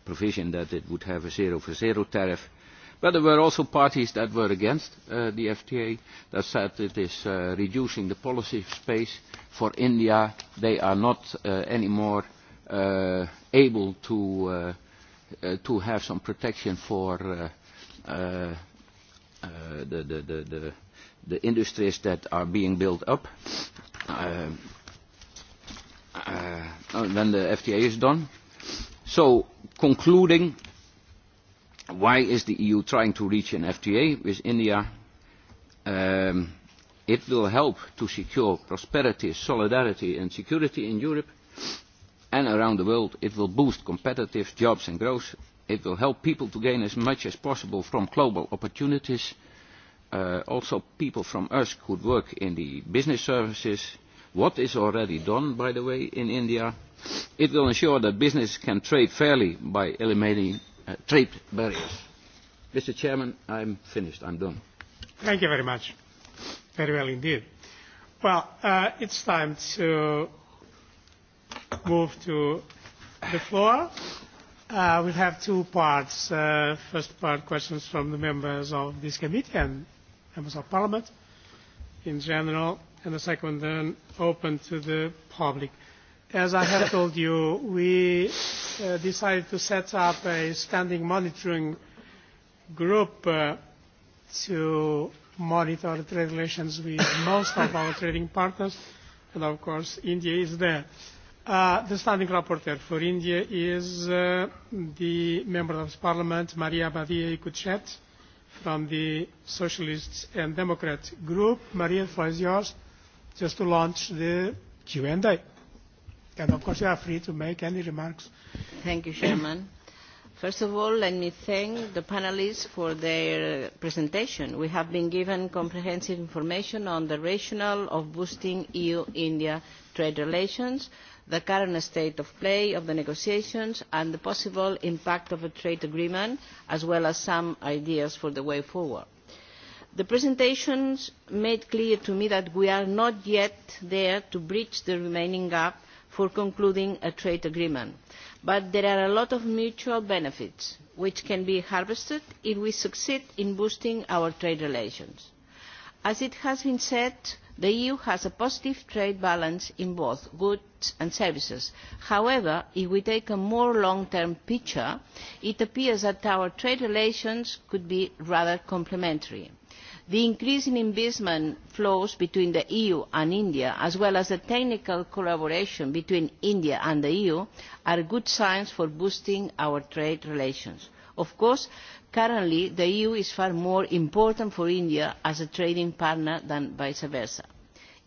[SPEAKER 5] provision that it would have a zero for zero tariff. But there were also parties that were against the FTA that said it is reducing the policy space for India. They are not anymore able to uh, to have some protection for uh, uh, the, the, the, the, the industries that are being built up. Uh, uh, when the FTA is done. So, concluding, why is the EU trying to reach an FTA with India? Um, it will help to secure prosperity, solidarity and security in Europe and around the world. It will boost competitive jobs and growth. It will help people to gain as much as possible from global opportunities. Uh, also, people from us could work in the business services. What is already done, by the way, in India. It will ensure that business can trade fairly by eliminating uh, trade barriers. Mr. Chairman, I'm finished. I'm done.
[SPEAKER 1] Thank you very much. Very well indeed. Well, uh, it's time to move to the floor. Uh, we'll have two parts. Uh, first part, questions from the members of this committee and members of parliament in general, and the second then open to the public. As I have told you, we uh, decided to set up a standing monitoring group uh, to monitor the trade relations with most of our trading partners, and of course India is there the standing rapporteur for India is uh, the Member of Parliament, Maria Badia Ikuchet, from the Socialists and Democrats Group. Maria, the floor is yours, just to launch the Q&A. And of course, you are free to make any
[SPEAKER 6] remarks. Thank you, Chairman. First of all, let me thank the panelists for their presentation. We have been given comprehensive information on the rationale of boosting EU-India trade relations, the current state of play of the negotiations and the possible impact of a trade agreement, as well as some ideas for the way forward. The presentations made clear to me that we are not yet there to bridge the remaining gap for concluding a trade agreement, but there are a lot of mutual benefits which can be harvested if we succeed in boosting our trade relations. As it has been said, the eu has a positive trade balance in both goods and services. however if we take a more long term picture it appears that our trade relations could be rather complementary. the increase in investment flows between the eu and india as well as the technical collaboration between india and the eu are good signs for boosting our trade relations Of course, currently the EU is far more important for India as a trading partner than vice versa.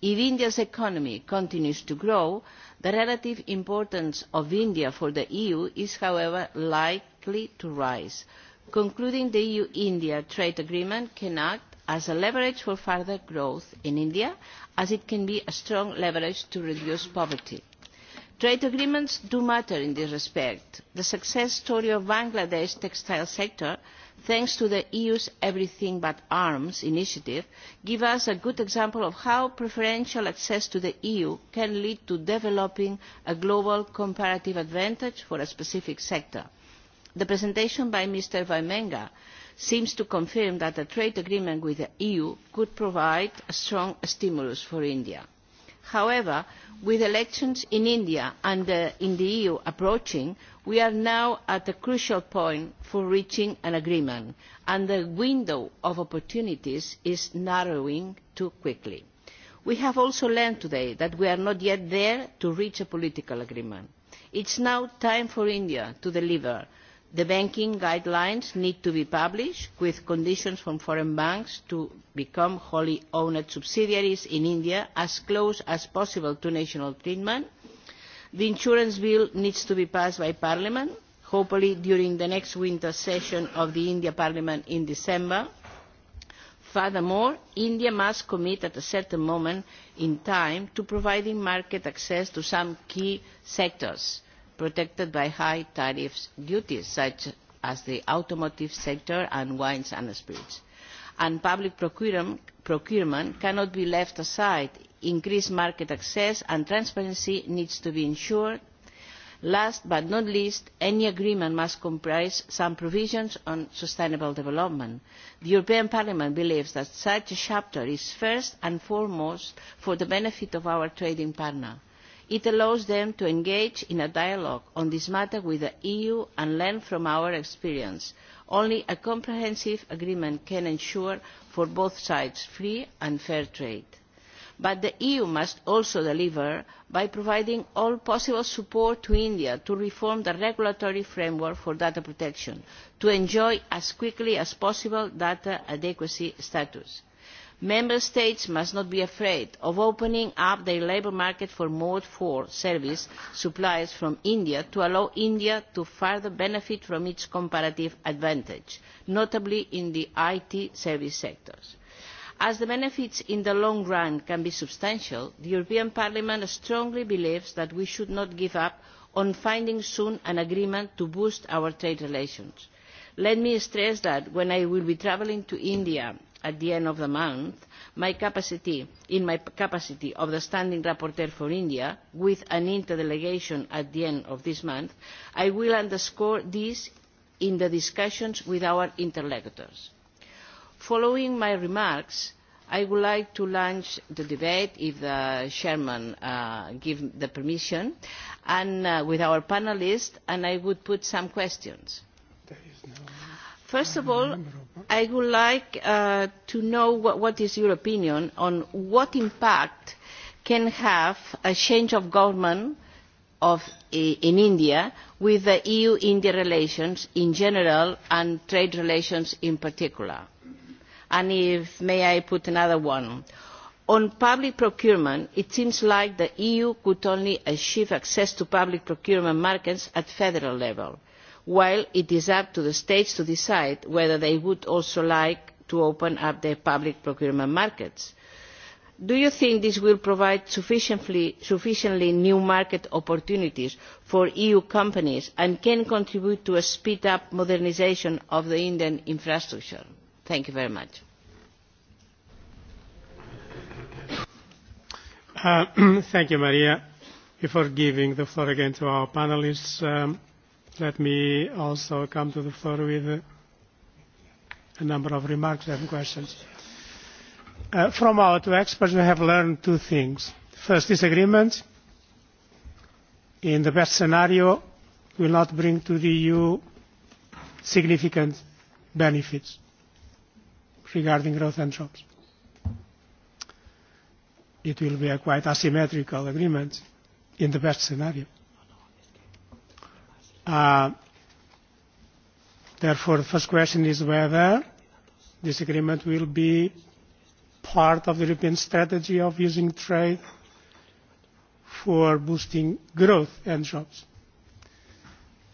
[SPEAKER 6] If India's economy continues to grow, the relative importance of India for the EU is, however, likely to rise. Concluding the EU-India trade agreement can act as a leverage for further growth in India, as it can be a strong leverage to reduce poverty Trade agreements do matter in this respect. The success story of Bangladesh's textile sector, thanks to the EU's Everything But Arms initiative, gives us a good example of how preferential access to the EU can lead to developing a global comparative advantage for a specific sector. The presentation by Mr. Vaimenga seems to confirm that a trade agreement with the EU could provide a strong stimulus for India However, with elections in India and in the EU approaching, we are now at a crucial point for reaching an agreement, and the window of opportunities is narrowing too quickly. We have also learned today that we are not yet there to reach a political agreement. It is now time for India to deliver The banking guidelines need to be published with conditions for foreign banks to become wholly owned subsidiaries in India as close as possible to national treatment. The insurance bill needs to be passed by Parliament, hopefully during the next winter session of the India Parliament in December. Furthermore, India must commit at a certain moment in time to providing market access to some key sectors protected by high tariff duties such as the automotive sector and wines and spirits. And public procurement cannot be left aside. Increased market access and transparency needs to be ensured. Last but not least, any agreement must comprise some provisions on sustainable development. The European Parliament believes that such a chapter is first and foremost for the benefit of our trading partner It allows them to engage in a dialogue on this matter with the EU and learn from our experience. Only a comprehensive agreement can ensure for both sides free and fair trade. But the EU must also deliver by providing all possible support to India to reform the regulatory framework for data protection, to enjoy as quickly as possible data adequacy status member states must not be afraid of opening up their labour market for mode four service suppliers from india to allow india to further benefit from its comparative advantage notably in the it service sectors. as the benefits in the long run can be substantial the european parliament strongly believes that we should not give up on finding soon an agreement to boost our trade relations. let me stress that when i will be travelling to india at the end of the month, my capacity, in my capacity of the Standing Rapporteur for India, with an interdelegation at the end of this month, I will underscore this in the discussions with our interlocutors. Following my remarks, I would like to launch the debate, if the chairman uh, gives the permission, and uh, with our panelists, and I would put some questions. There is no First of all, I would like uh, to know what, what is your opinion on what impact can have a change of government of, in India with the EU-India relations in general and trade relations in particular. And if may I put another one. On public procurement, it seems like the EU could only achieve access to public procurement markets at federal level while it is up to the states to decide whether they would also like to open up their public procurement markets. Do you think this will provide sufficiently new market opportunities for EU companies and can contribute to a speed-up modernisation of the Indian infrastructure? Thank you very much.
[SPEAKER 1] thank you, Maria, for giving the floor again to our panelists. Let me also come to the floor with a number of remarks and questions. From our two experts, we have learned two things. First, agreement, in the best scenario will not bring to the EU significant benefits regarding growth and jobs. It will be a quite asymmetrical agreement in the best scenario Therefore, the first question is whether this agreement will be part of the European strategy of using trade for boosting growth and jobs.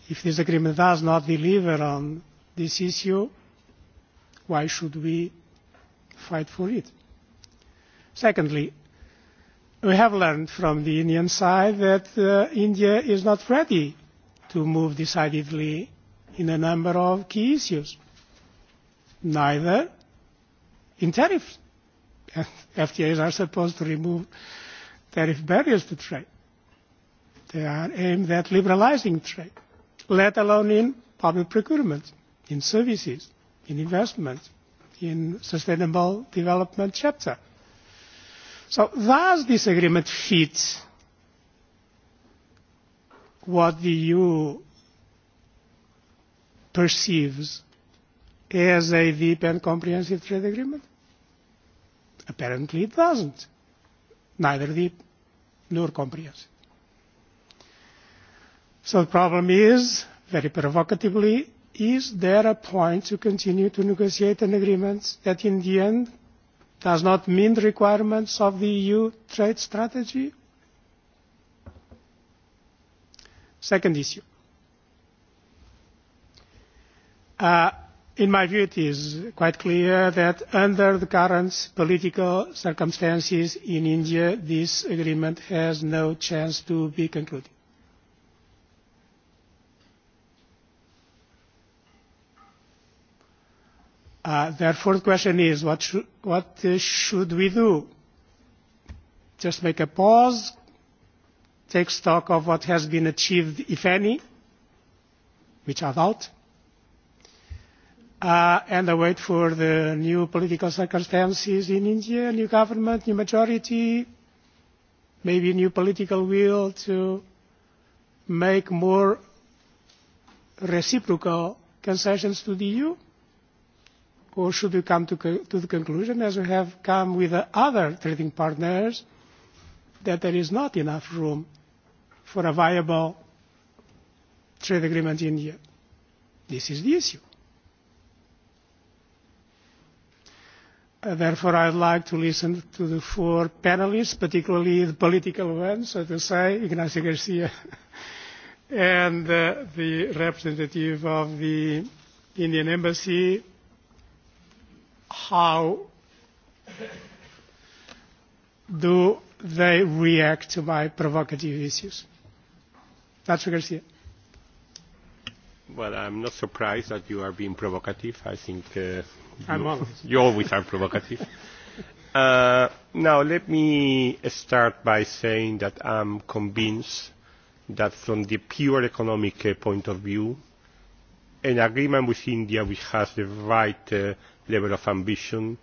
[SPEAKER 1] If this agreement does not deliver on this issue, why should we fight for it? Secondly, we have learned from the Indian side that uh, India is not ready to move decidedly in a number of key issues. Neither in tariffs. FTAs are supposed to remove tariff barriers to trade. They are aimed at liberalizing trade, let alone in public procurement, in services, in investment, in sustainable development chapter. So does this agreement fit what the EU perceives as a deep and comprehensive trade agreement? Apparently it doesn't. Neither deep nor comprehensive. So the problem is, very provocatively, is there a point to continue to negotiate an agreement that in the end does not meet the requirements of the EU trade strategy Second issue. Uh, in my view, it is quite clear that under the current political circumstances in India, this agreement has no chance to be concluded. Uh, therefore, the question is, what, sh what uh, should we do? Just make a pause, take stock of what has been achieved, if any, which are doubt, uh, and await for the new political circumstances in India, new government, new majority, maybe new political will to make more reciprocal concessions to the EU? Or should we come to, to the conclusion, as we have come with the other trading partners, that there is not enough room for a viable trade agreement in India. This is the issue. Therefore, I would like to listen to the four panelists, particularly the political ones, so to say, Ignacio Garcia and uh, the representative of the Indian Embassy, how do they react to my provocative issues? Nacho Garcia.
[SPEAKER 2] Well, I'm not surprised that you are being provocative. I think uh, you, I'm always. you always are provocative. uh, now, let me start by saying that I'm convinced that from the pure economic uh, point of view, an agreement with India which has the right uh, level of ambition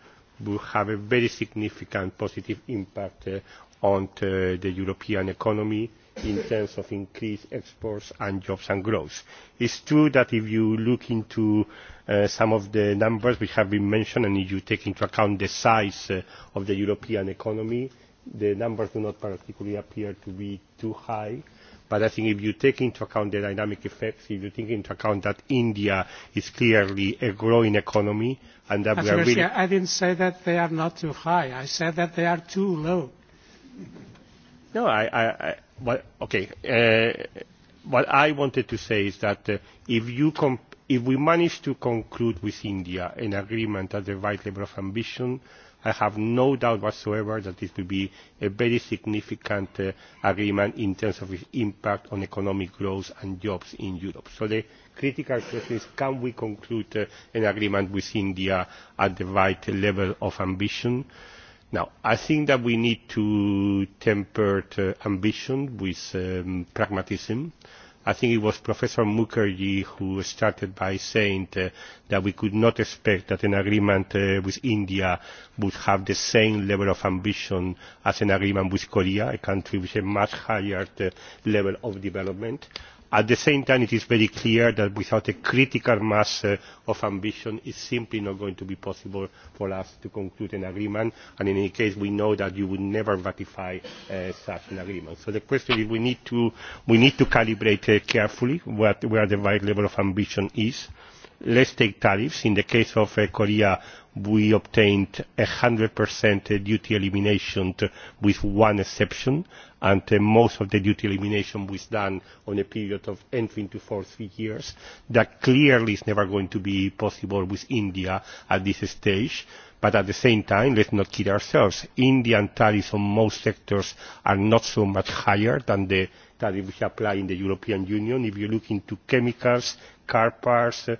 [SPEAKER 2] will have a very significant positive impact uh, on uh, the European economy, in terms of increased exports and jobs and growth. It's true that if you look into uh some of the numbers which have been mentioned, and if you take into account the size uh of the European economy, the numbers do not particularly appear to be too high. But I think if you take into account the dynamic effects, if you take into account that India is clearly a growing economy and that we are really...
[SPEAKER 1] I didn't say that they are not too high. I said that they are too low.
[SPEAKER 2] No, I, I, okay. Uh, what I wanted to say is that uh, if, you comp- if we manage to conclude with India an agreement at the right level of ambition, I have no doubt whatsoever that it will be a very significant uh, agreement in terms of its impact on economic growth and jobs in Europe. So the critical question is can we conclude uh, an agreement with India at the right level of ambition? Uh, Now, I think that we need to temper ambition with um, pragmatism. I think it was Professor Mukherjee who started by saying uh, that we could not expect that an agreement uh, with India would have the same level of ambition as an agreement with Korea, a country with a much higher uh, level of development at the same time it is very clear that without a critical mass of ambition it is simply not going to be possible for us to conclude an agreement and in any case we know that you would never ratify such an agreement. so the question is we need to calibrate carefully where the right level of ambition is. let us take tariffs in the case of korea we obtained 100% duty elimination with one exception, and most of the duty elimination was done on a period of entry into force three years. That clearly is never going to be possible with India at this stage. But at the same time, let's not kid ourselves. Indian tariffs on most sectors are not so much higher than the that we apply in the European Union. If you look into chemicals, car parts, uh,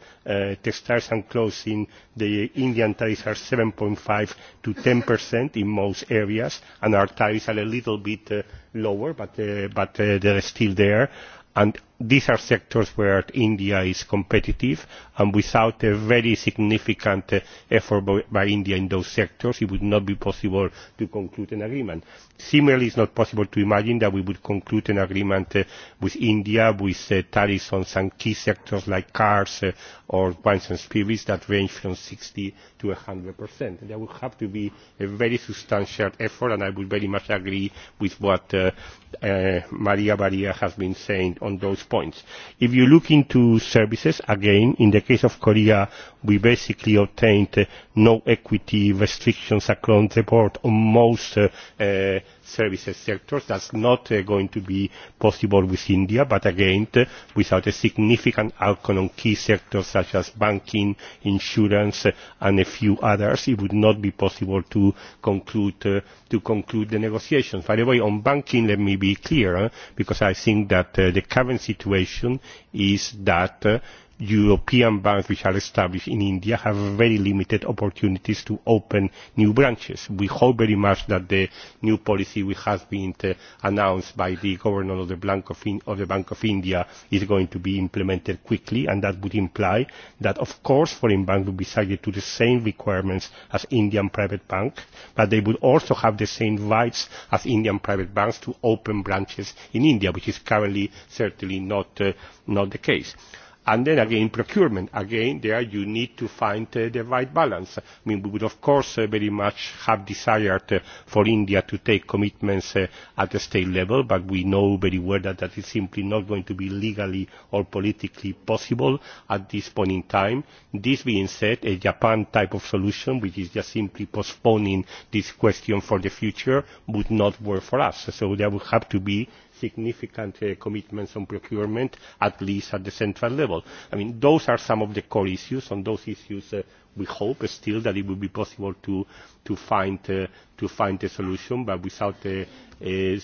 [SPEAKER 2] textiles and clothing, the Indian tariffs are 7.5 to 10% in most areas, and our tariffs are a little bit uh, lower, but, uh, but uh, they're still there. And these are sectors where India is competitive, and without a very significant effort by, India in those sectors, it would not be possible to conclude an agreement. Similarly, it is not possible to imagine that we would conclude an agreement with India with tariffs on some key sectors like cars or wines and spirits that range from sixty to 100%. There would have to be a very substantial effort, and I would very much agree with what Maria Baria has been saying on those points. If you look into services, again, in the case of Korea, we basically obtained no equity restrictions across the board on most services sector. That's not uh, going to be possible with India, but again, uh, without a significant outcome on key sectors such as banking, insurance, uh, and a few others, it would not be possible to conclude, uh, to conclude the negotiations. By the way, on banking, let me be clear, uh, because I think that uh, the current situation is that uh, European banks which are established in India have very limited opportunities to open new branches. We hope very much that the new policy which has been announced by the governor of the, Bank of, In of the Bank of India is going to be implemented quickly and that would imply that of course foreign banks would be subject to the same requirements as Indian private banks but they would also have the same rights as Indian private banks to open branches in India which is currently certainly not, uh, not the case And then again, procurement. Again, there you need to find uh, the right balance. I mean, we would of course uh, very much have desired uh, for India to take commitments uh, at the state level, but we know very well that that is simply not going to be legally or politically possible at this point in time. This being said, a Japan type of solution, which is just simply postponing this question for the future, would not work for us. So there would have to be significant commitments on procurement, at least at the central level. I mean, those are some of the core issues. On those issues, we hope still that it will be possible to, to, find, to find a solution, but without a, a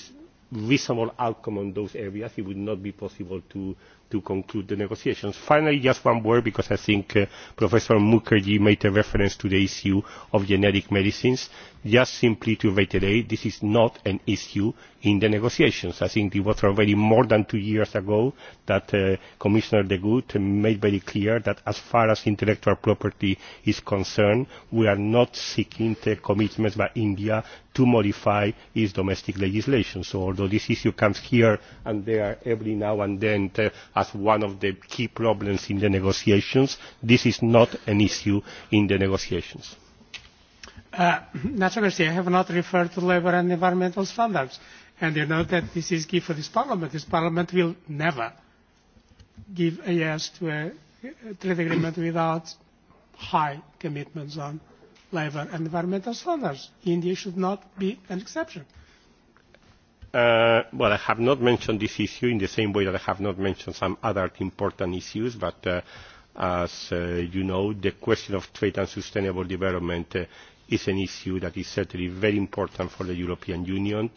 [SPEAKER 2] reasonable outcome on those areas, it would not be possible to, to conclude the negotiations. Finally, just one word, because I think uh, Professor Mukherjee made a reference to the issue of generic medicines just simply to reiterate this is not an issue in the negotiations. I think it was already more than two years ago that uh, Commissioner de Gucht made very clear that as far as intellectual property is concerned, we are not seeking the commitments by India to modify its domestic legislation. So although this issue comes here and there every now and then as one of the key problems in the negotiations, this is not an issue in the negotiations
[SPEAKER 1] naturally, I have not referred to labour and environmental standards. And you know that this is key for this Parliament. This Parliament will never give a yes to a trade agreement without high commitments on labour and environmental standards. India should not be an exception.
[SPEAKER 2] Uh, well, I have not mentioned this issue in the same way that I have not mentioned some other important issues, but uh, as uh, you know, the question of trade and sustainable development uh, is an issue that is certainly very important for the European Union.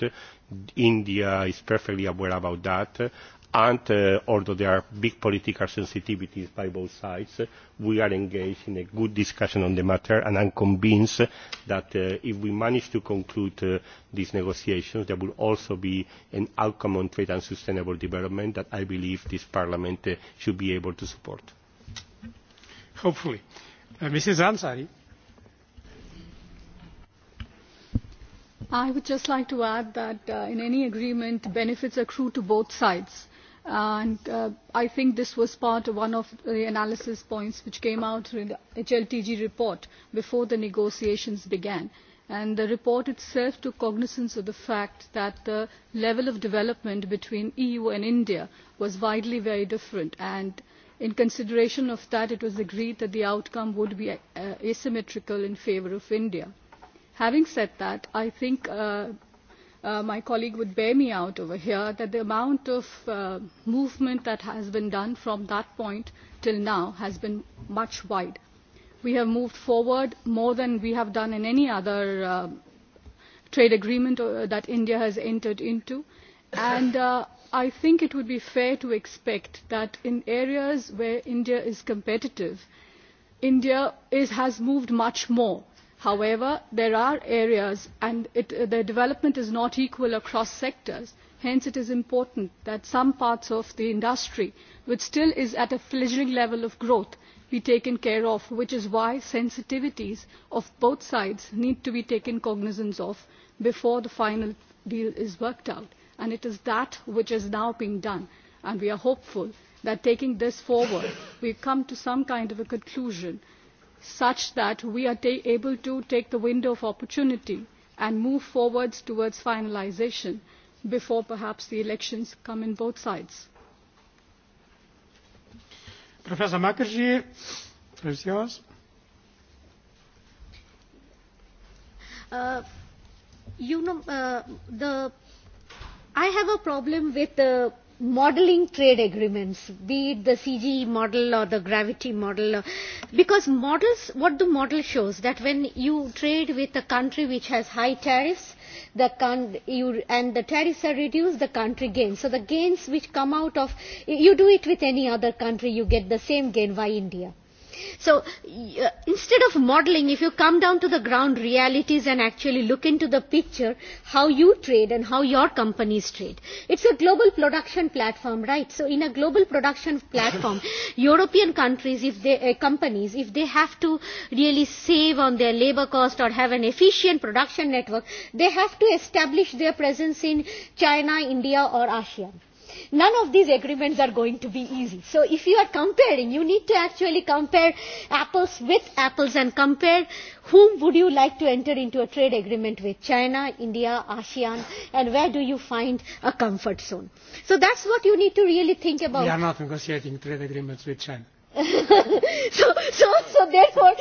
[SPEAKER 2] India is perfectly aware about that. And although there are big political sensitivities by both sides, we are engaged in a good discussion on the matter, and I am convinced that if we manage to conclude these negotiations, there will also be an outcome on trade and sustainable development that I believe this Parliament
[SPEAKER 1] should be able to support. Hopefully. Mrs. Ansari
[SPEAKER 3] I would just like to add that uh, in any agreement, benefits accrue to both sides. And uh, I think this was part of one of the analysis points which came out in the HLTG report before the negotiations began. And the report itself took cognizance of the fact that the level of development between EU and India was widely very different. And in consideration of that, it was agreed that the outcome would be asymmetrical in favour of India having said that i think my colleague would bear me out over here that the amount of movement that has been done from that point till now has been much wide. We have moved forward more than we have done in any other trade agreement that India has entered into. And I think it would be fair to expect that in areas where India is competitive, India is, has moved much more. However, there are areas and it, development is not equal across sectors. Hence, it is important that some parts of the industry, which still is at a fledgling level of growth, be taken care of, which is why sensitivities of both sides need to be taken cognizance of before the final deal is worked out. And it is that which is now being done. And we are hopeful that taking this forward, we come to some kind of a conclusion such that we are able to take the window of opportunity and move forward towards finalisation before perhaps the elections come in both sides.
[SPEAKER 1] Professor Mukherjee, is yours.
[SPEAKER 4] Uh, you know, uh, the I have a problem with the uh, modeling trade agreements, be it the CGE model or the gravity model, because models, what the model shows that when you trade with a country which has high tariffs, the con- you, and the tariffs are reduced, the country gains. So the gains which come out of, you do it with any other country, you get the same gain. Why India? So uh, instead of modeling, if you come down to the ground realities and actually look into the picture, how you trade and how your companies trade. It's a global production platform, right? So in a global production platform, European countries, if they, uh, companies, if they have to really save on their labor cost or have an efficient production network, they have to establish their presence in China, India or ASEAN none of these agreements are going to be easy. So if you are comparing, you need to actually compare apples with apples and compare whom would you like to enter into a trade agreement with China, India, ASEAN, and where do you find a comfort zone? So that's what you need to really think about. We are not
[SPEAKER 1] negotiating trade agreements with China
[SPEAKER 4] so so therefore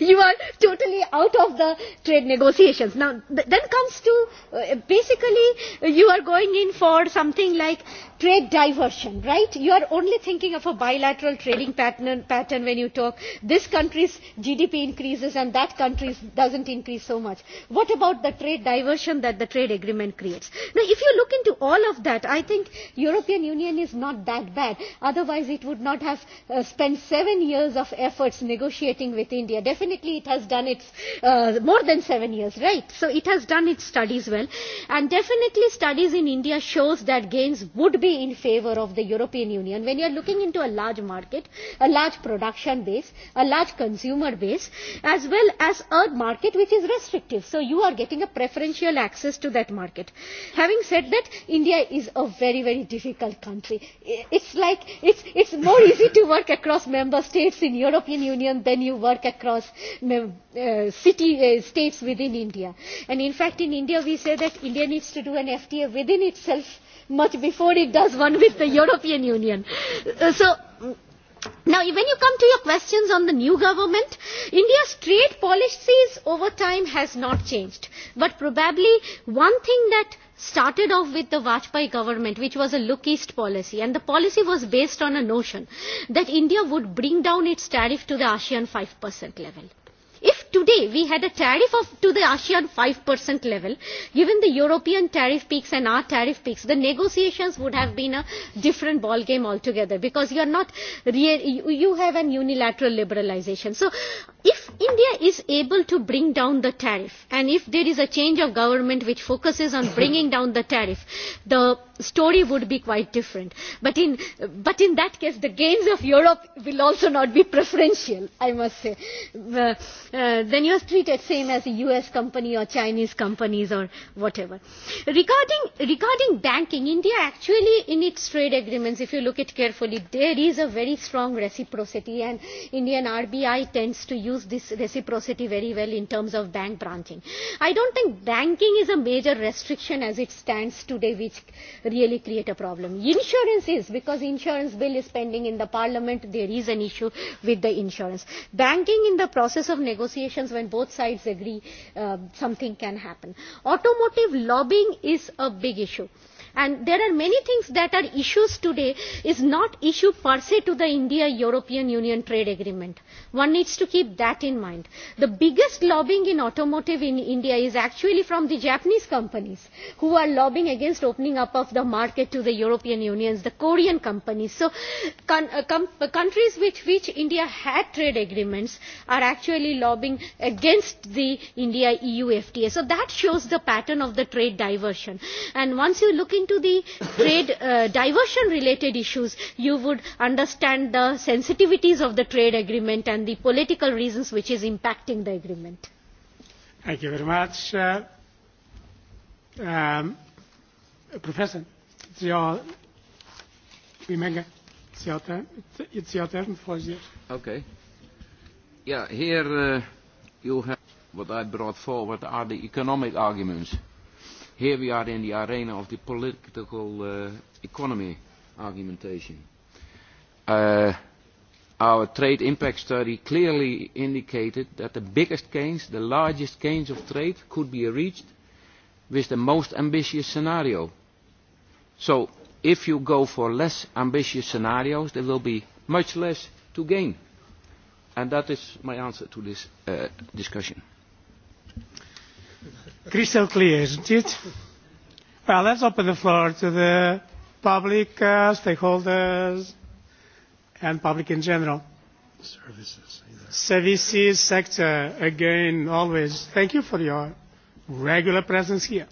[SPEAKER 4] you are totally out of the trade negotiations. Now, then comes to uh, basically uh, you are going in for something like trade diversion, right? You are only thinking of a bilateral trading pattern, pattern when you talk this country's GDP increases and that country doesn't increase so much. What about the trade diversion that the trade agreement creates? Now, if you look into all of that, I think European Union is not that bad. Otherwise, it would not have uh, spent seven years of efforts negotiating negotiating with India. Definitely it has done its uh, more than seven years, right? So it has done its studies well. And definitely studies in India shows that gains would be in favor of the European Union. When you are looking into a large market, a large production base, a large consumer base, as well as a market which is restrictive. So you are getting a preferential access to that market. Having said that, India is a very, very difficult country. It's like, it's, it's more easy to work across member states in European Union then you work across uh, city uh, states within India. And in fact, in India, we say that India needs to do an FTA within itself much before it does one with the European Union. Uh, so. Now, when you come to your questions on the new government, India's trade policies over time has not changed. But probably one thing that started off with the Vajpayee government, which was a look east policy. And the policy was based on a notion that India would bring down its tariff to the ASEAN 5% level. If today we had a tariff of to the ASEAN 5% level, given the European tariff peaks and our tariff peaks, the negotiations would have been a different ball game altogether because you are not you have an unilateral liberalization. So if India is able to bring down the tariff and if there is a change of government which focuses on bringing down the tariff, the story would be quite different. But in, but in that case, the gains of Europe will also not be preferential, I must say. Uh, uh, then you are treated same as a US company or Chinese companies or whatever. Regarding, regarding banking, India actually in its trade agreements, if you look at carefully, there is a very strong reciprocity and Indian RBI tends to use this reciprocity very well in terms of bank branching. I don't think banking is a major restriction as it stands today which really create a problem. Insurance is because insurance bill is pending in the parliament, there is an issue with the insurance. Banking in the process of negotiation negotiations when both sides agree uh, something can happen. Automotive lobbying is a big issue. And there are many things that are issues today is not issue per se to the India-European Union trade agreement. One needs to keep that in mind. The biggest lobbying in automotive in India is actually from the Japanese companies who are lobbying against opening up of the market to the European Unions, the Korean companies. So con uh, com countries with which India had trade agreements are actually lobbying against the India-EU FTA. So that shows the pattern of the trade diversion. And once you look into into the trade uh, diversion related issues, you would understand the sensitivities of the trade agreement and the political reasons which is impacting the agreement.
[SPEAKER 1] Thank you very much. Uh, um, Professor, it's your, it's your turn, it's your turn for you.
[SPEAKER 5] Okay. Yeah, here uh, you have what I brought forward are the economic arguments Here we are in the arena of the political uh, economy argumentation. Uh, our trade impact study clearly indicated that the biggest gains, the largest gains of trade could be reached with the most ambitious scenario. So if you go for less ambitious scenarios, there will be much less to gain. And that is my answer to this uh, discussion crystal clear, isn't it? Well,
[SPEAKER 1] let's open the floor to the public, uh, stakeholders, and public in general.
[SPEAKER 3] Services.
[SPEAKER 1] Services sector, again,
[SPEAKER 7] always. Thank you for your regular presence here.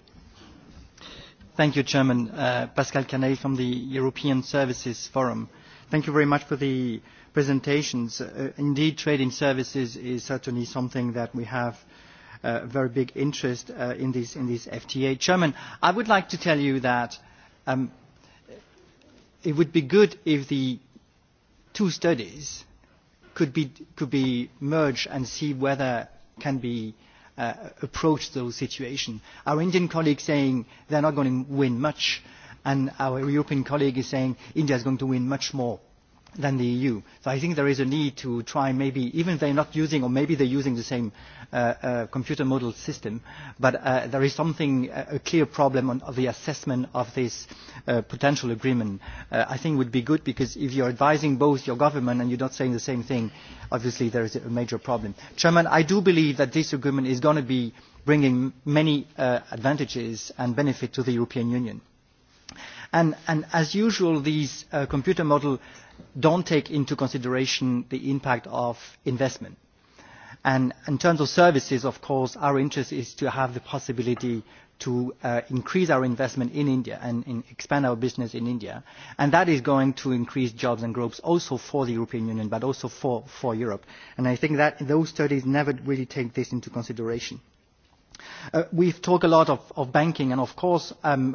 [SPEAKER 7] Thank you, Chairman. Uh, Pascal Canet from the European Services Forum. Thank you very much for the presentations. Uh, indeed, trading services is certainly something that we have uh, uh, very big interest uh, in, this, in this FTA. Chairman, I would like to tell you that um, it would be good if the two studies could be, could be merged and see whether can be uh, approached those situations. Our Indian colleague saying they're not going to win much, and our European colleague is saying India is going to win much more than the EU. So I think there is a need to try maybe, even if they're not using, or maybe they're using the same uh, uh, computer model system, but uh, there is something, a clear problem on, of the assessment of this uh, potential agreement. Uh, I think would be good because if you're advising both your government and you're not saying the same thing, obviously there is a major problem. Chairman, I do believe that this agreement is going to be bringing many uh, advantages and benefit to the European Union. And, and as usual, these uh, computer model don't take into consideration the impact of investment. And in terms of services, of course, our interest is to have the possibility to uh, increase our investment in India and in expand our business in India. And that is going to increase jobs and growth also for the European Union, but also for, for Europe. And I think that those studies never really take this into consideration. We've talked a lot of banking, and of course,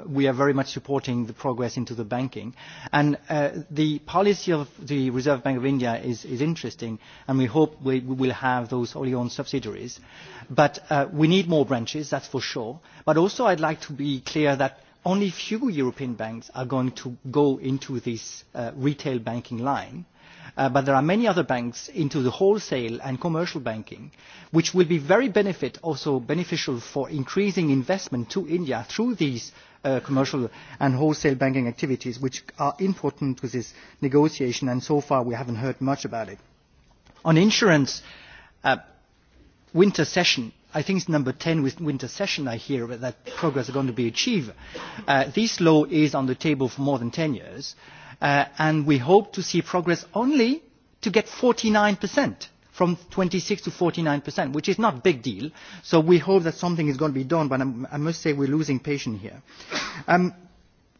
[SPEAKER 7] we are very much supporting the progress into the banking. And The policy of the Reserve Bank of India is interesting, and we hope we will have those wholly-owned subsidiaries. But We need more branches, that's for sure. But Also, I'd like to be clear that only few European banks are going to go into this retail banking line but there are many other banks into the wholesale and commercial banking, which will be very benefit, also beneficial for increasing investment to India through these uh, commercial and wholesale banking activities, which are important to this negotiation, and so far we haven't heard much about it. On insurance, uh, winter session, I think it's number 10 with winter session I hear that progress is going to be achieved. Uh, this law is on the table for more than 10 years. Uh, and we hope to see progress only to get forty 49% from twenty six to forty 49%, which is not a big deal. So we hope that something is going to be done, but I'm, I must say we're losing patience here. Um,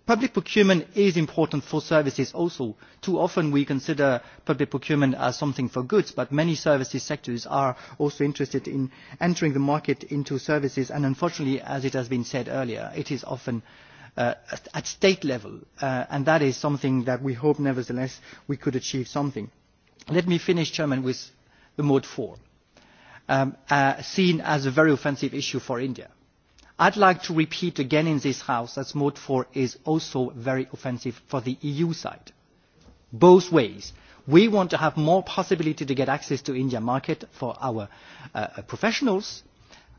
[SPEAKER 7] public procurement is important for services also. Too often we consider public procurement as something for goods, but many services sectors are also interested in entering the market into services, and unfortunately, as it has been said earlier, it is often uh, uh, at state level. Uh, and that is something that we hope, nevertheless, we could achieve something. Let me finish, Chairman, with the Mode 4, um, uh, seen as a very offensive issue for India. I'd like to repeat again in this House that Mode 4 is also very offensive for the EU side. Both ways. We want to have more possibility to get access to India market for our uh, professionals,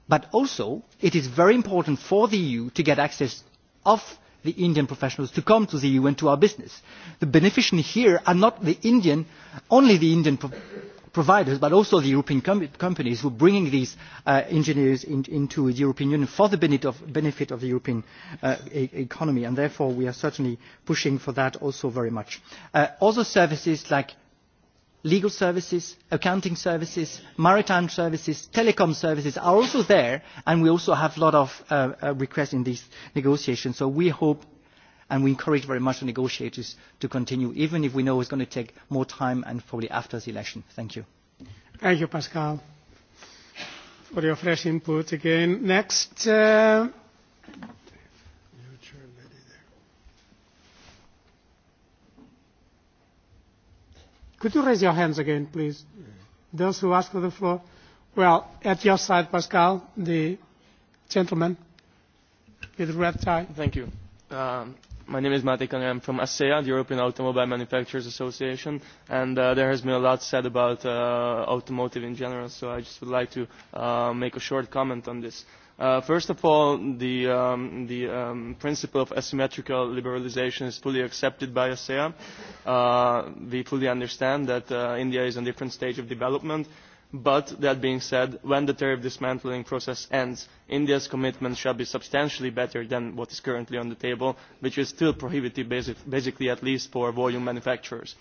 [SPEAKER 7] but also it is very important for the EU to get access of the Indian professionals to come to the EU and to our business. The beneficiaries here are not the Indian, only the Indian pro providers, but also the European com companies who are bringing these uh, engineers in, into the European Union for the benefit of, benefit of the European uh, e economy. And therefore, we are certainly pushing for that also very much. Uh, other services like legal services, accounting services, maritime services, telecom services are also there, and we also have a lot of uh, uh, requests in these negotiations. So we hope and we encourage very much the negotiators to continue, even if we know it's going to take more time and probably after the election. Thank you.
[SPEAKER 1] Thank you, Pascal, for your fresh input again. Next, uh, Could you raise your hands again, please? Those who ask for the floor. Well, at your side, Pascal, the gentleman with the red tie.
[SPEAKER 8] Thank you. Um, my name is Matej and I'm from ASEA, the European Automobile Manufacturers Association, and uh, there has been a lot said about uh, automotive in general, so I just would like to uh, make a short comment on this. Uh, first of all, the, principle of asymmetrical liberalisation is fully accepted by ASEA. we fully understand that India is at a different stage of development. But that being said, when the tariff dismantling process ends, India's commitment shall be substantially better than what is currently on the table, which is still prohibitive, basically at least for volume manufacturers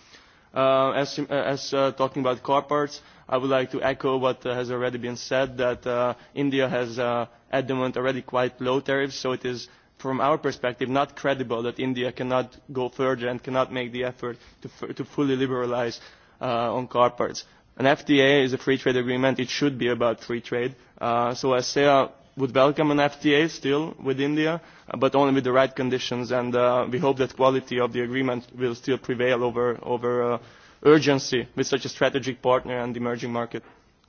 [SPEAKER 8] Uh, as as uh, talking about car parts, I would like to echo what uh, has already been said, that uh, India has uh, at the moment already quite low tariffs, so it is from our perspective, not credible that India cannot go further and cannot make the effort to, to fully liberalize uh, on car parts. An FTA is a free trade agreement. It should be about free trade. Uh, so as SEA would welcome an FTA still with India, but only with the right conditions, and uh, we hope that quality of the agreement will still prevail over, over uh, urgency with such a strategic partner and emerging market.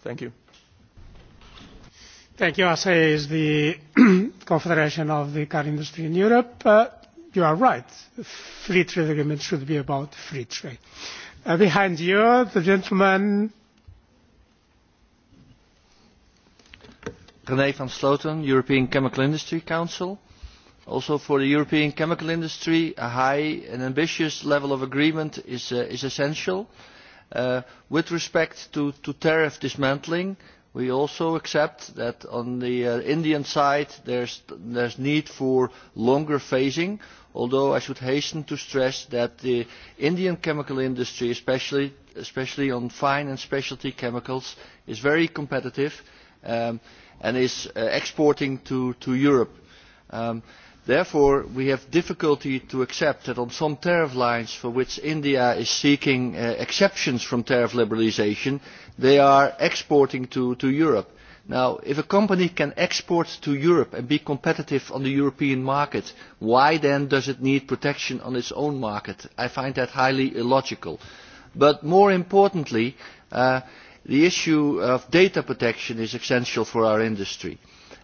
[SPEAKER 8] Thank you.
[SPEAKER 1] Thank you. ASEA is the Confederation of the Car Industry in Europe. Uh, you are right. Free trade agreement should be about free trade. Uh, behind you, the gentleman
[SPEAKER 9] René van Sloten, European Chemical Industry Council. Also for the European chemical industry, a high and ambitious level of agreement is, uh, is essential. Uh, with respect to, to tariff dismantling, we also accept that on the uh, Indian side there's, there's need for longer phasing, although I should hasten to stress that the Indian chemical industry, especially, especially on fine and specialty chemicals, is very competitive and is exporting to Europe. Therefore, we have difficulty to accept that on some tariff lines for which India is seeking exceptions from tariff liberalisation, they are exporting to Europe. Now, if a company can export to Europe and be competitive on the European market, why then does it need protection on its own market? I find that highly illogical. But more importantly, the issue of data protection is essential for our industry.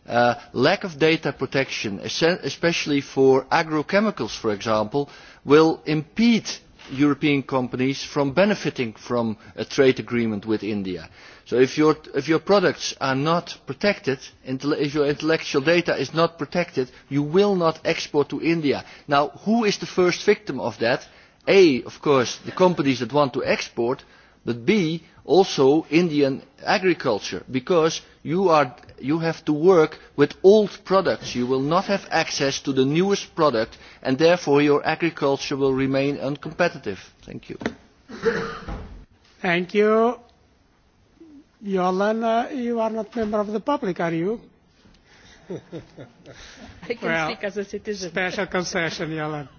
[SPEAKER 9] Uh, lack of data protection, especially for agrochemicals, for example, will impede European companies from benefiting from a trade agreement with India. So if your, if your products are not protected, if your intellectual data is not protected, you will not export to India. Now, who is the first victim of that? A, of course, the companies that want to export, but B, also Indian agriculture because you, are, you have to work with old products. You will not have access to the newest product and therefore your agriculture will remain uncompetitive. Thank you.
[SPEAKER 1] Thank you. Yolanda, you are not a member of the public, are you? I can speak as a citizen. Special concession, Yolanda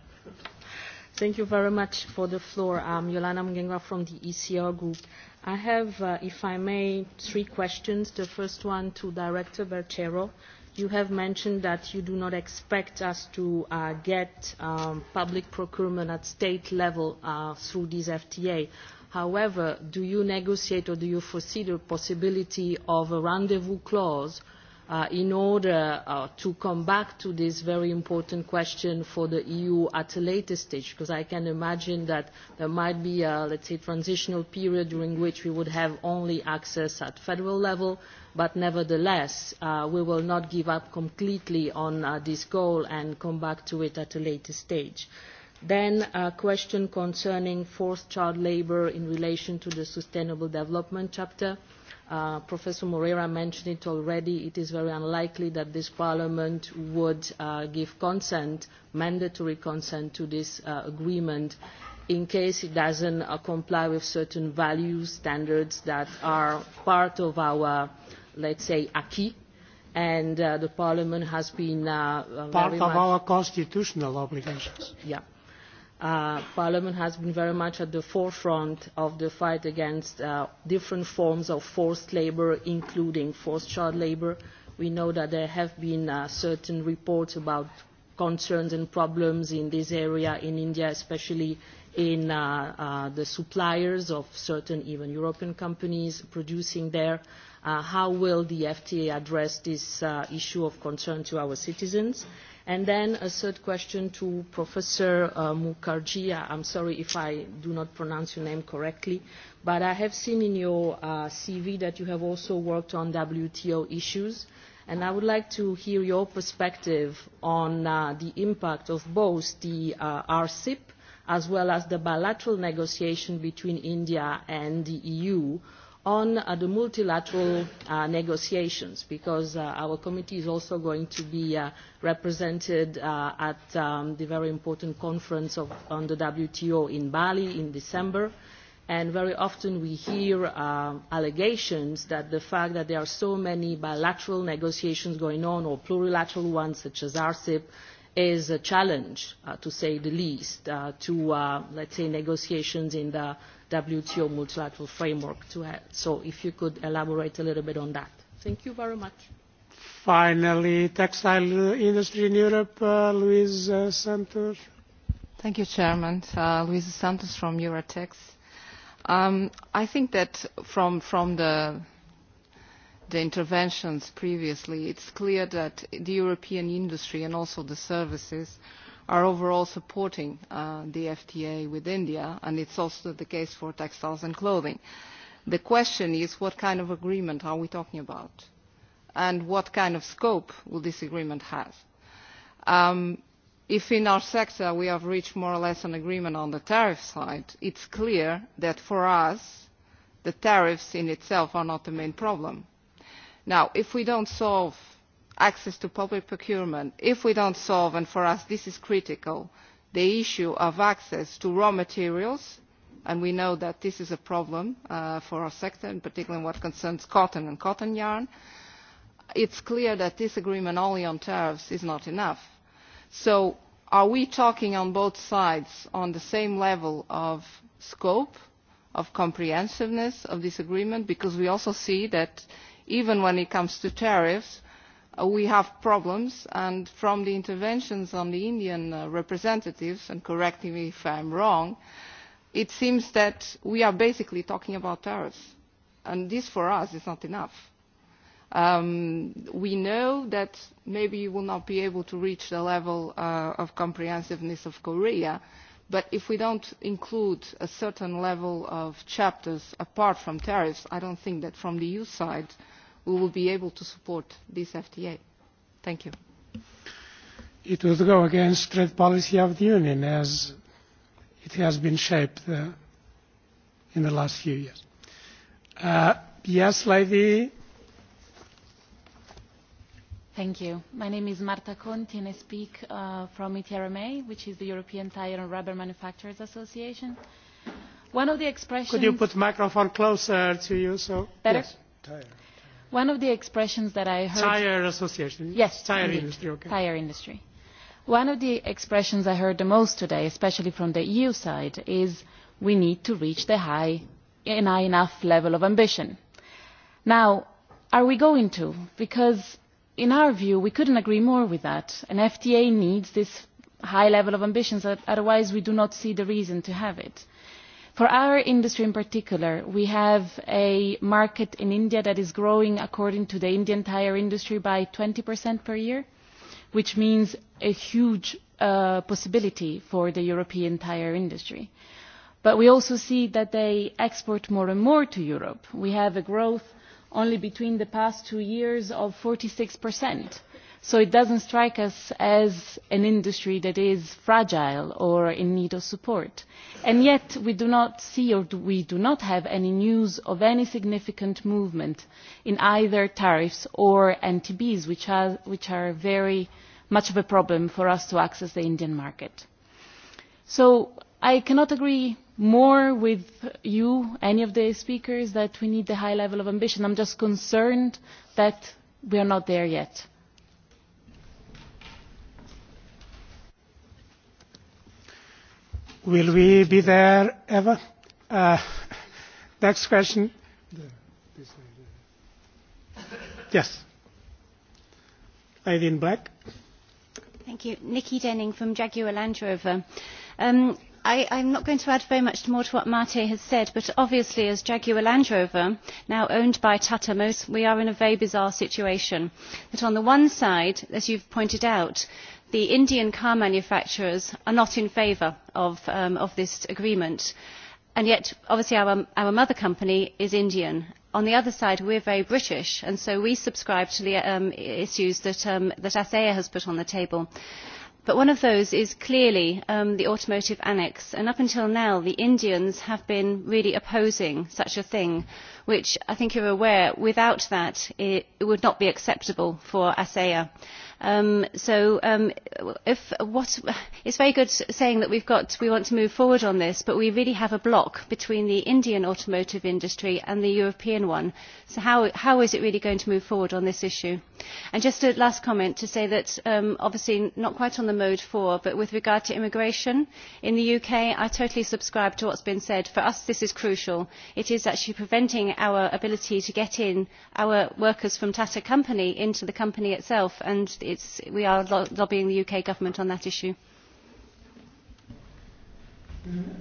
[SPEAKER 10] Thank you very much for the floor. I'm Yolana Mgenga from the ECR Group. I have, uh, if I may, three questions. The first one to Director Berchero. You have mentioned that you do not expect us to uh, get um, public procurement at state level uh, through this FTA. However, do you negotiate or do you foresee the possibility of a rendezvous clause – in order to come back to this very important question for the EU at a later stage, because I can imagine that there might be a, let's say, transitional period during which we would have only access at federal level, but nevertheless, we will not give up completely on this goal and come back to it at a later stage. Then a question concerning forced child labour in relation to the Sustainable Development Chapter. Uh, Professor Moreira mentioned it already. It is very unlikely that this Parliament would uh, give consent, mandatory consent, to this uh, agreement in case it doesn't uh, comply with certain values, standards that are part of our, let's say, acquis. And uh, the Parliament has been uh, part of our
[SPEAKER 1] constitutional
[SPEAKER 10] obligations. Yeah uh, Parliament has been very much at the forefront of the fight against uh, different forms of forced labour, including forced child labour. We know that there have been uh, certain reports about concerns and problems in this area in India, especially in uh, uh, the suppliers of certain even European companies producing there. Uh, how will the FTA address this uh, issue of concern to our citizens? And then a third question to Professor uh, Mukherjee. I'm sorry if I do not pronounce your name correctly, but I have seen in your uh, CV that you have also worked on WTO issues, and I would like to hear your perspective on uh, the impact of both the uh, RCIP as well as the bilateral negotiation between India and the EU on uh, the multilateral uh, negotiations because uh, our committee is also going to be uh, represented uh, at um, the very important conference of, on the WTO in Bali in December. And very often we hear uh, allegations that the fact that there are so many bilateral negotiations going on or plurilateral ones such as RCEP is a challenge, uh, to say the least, uh, to, uh, let's say, negotiations in the WTO multilateral framework. To have. So if you could elaborate a little bit on that. Thank you very much. Finally, textile industry in Europe, uh, Luis uh, Santos.
[SPEAKER 1] Thank you, Chairman. Uh, Luis Santos from Eurotex. Um,
[SPEAKER 11] I think that from, from the the interventions previously, it's clear that the European industry and also the services are overall supporting uh, the FTA with India, and it's also the case for textiles and clothing. The question is what kind of agreement are we talking about? And what kind of scope will this agreement have? Um, if in our sector we have reached more or less an agreement on the tariff side, it's clear that for us, the tariffs in itself are not the main problem now if we do not solve access to public procurement if we do not solve and for us this is critical the issue of access to raw materials and we know that this is a problem for our sector in particular in what concerns cotton and cotton yarn it is clear that this agreement only on tariffs is not enough. so are we talking on both sides on the same level of scope of comprehensiveness of this agreement because we also see that even when it comes to tariffs, we have problems, and from the interventions of the Indian representatives, and correct me if I am wrong, it seems that we are basically talking about tariffs. And this, for us, is not enough. we know that maybe you will not be able to reach the level of comprehensiveness of Korea, but if we do not include a certain level of chapters apart from tariffs, I do not think that from the EU side we will be able to support this FTA. Thank you.
[SPEAKER 1] It would go against trade policy of the Union as it has been shaped uh, in the last few years. Uh, yes, lady.
[SPEAKER 12] Thank you. My name is Marta Conti and I speak uh, from ETRMA, which is the European Tire and Rubber Manufacturers Association. One of the expressions... Could you put the
[SPEAKER 1] microphone closer to you? So, Better? Yes. Tire
[SPEAKER 12] One of the expressions that I heard... Tire association. Yes, tire industry. Okay. Tire industry. One of the expressions I heard the most today, especially from the EU side, is we need to reach the high, an high enough level of ambition. Now, are we going to? Because in our view, we couldn't agree more with that. An FTA needs this high level of ambition, otherwise we do not see the reason to have it For our industry in particular, we have a market in India that is growing, according to the Indian tire industry, by 20% per year, which means a huge uh, possibility for the European tire industry. But we also see that they export more and more to Europe. We have a growth only between the past two years of 46 percent So it doesn't strike us as an industry that is fragile or in need of support. And yet we do not see or we do not have any news of any significant movement in either tariffs or NTBs, which are, which are very much of a problem for us to access the Indian market. So I cannot agree more with you, any of the speakers, that we need a high level of ambition. I'm just concerned that we are not there yet
[SPEAKER 1] Will we be there ever? Uh, next question. Yes. Lady in black.
[SPEAKER 13] Thank you. Nikki Denning from Jaguar Land Rover. Um, I, I'm not going to add very much more to what Mate has said, but obviously as Jaguar Land Rover, now owned by Tata Motors, we are in a very bizarre situation. That on the one side, as you've pointed out, the Indian car manufacturers are not in favour of, this agreement. And yet, obviously, our, mother company is Indian. On the other side, we are very British, and so we subscribe to the issues that, ASEA has put on the table. But one of those is clearly the automotive annex. And up until now, the Indians have been really opposing such a thing, which I think you are aware, without that, it, would not be acceptable for ASEA Um, so um, if what, it's very good saying that we've got, we want to move forward on this, but we really have a block between the Indian automotive industry and the European one. So how, how is it really going to move forward on this issue? And just a last comment to say that um, obviously not quite on the mode four, but with regard to immigration in the UK, I totally subscribe to what's been said. For us, this is crucial. It is actually preventing our ability to get in our workers from Tata Company into the company itself and the it's, we are lobbying the UK government on that issue.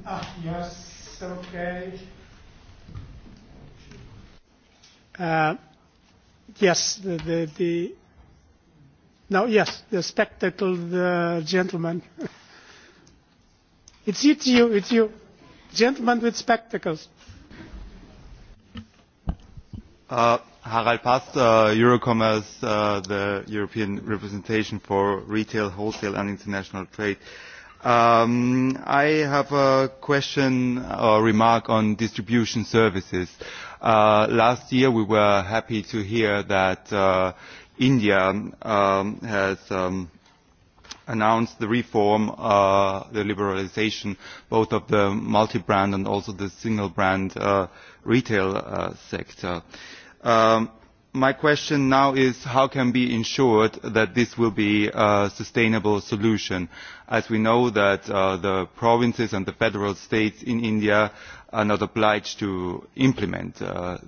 [SPEAKER 1] Ah, yes, okay. Uh, yes, the, the, the no, yes, the spectacle, the gentleman. it's, it's you, it's you. Gentleman with spectacles.
[SPEAKER 7] Uh, Harald Past, uh, Eurocommerce, uh, the European representation for retail, wholesale and international trade. Um, I have a question or remark on distribution services. Uh, last year we were happy to hear that uh, India um, has um, announced the reform, uh, the liberalization, both of the multi-brand and also the single-brand uh, retail uh, sector. Uh, my question now is how can we ensure that this will be a sustainable solution as we know that the provinces and the federal states in india are not obliged to implement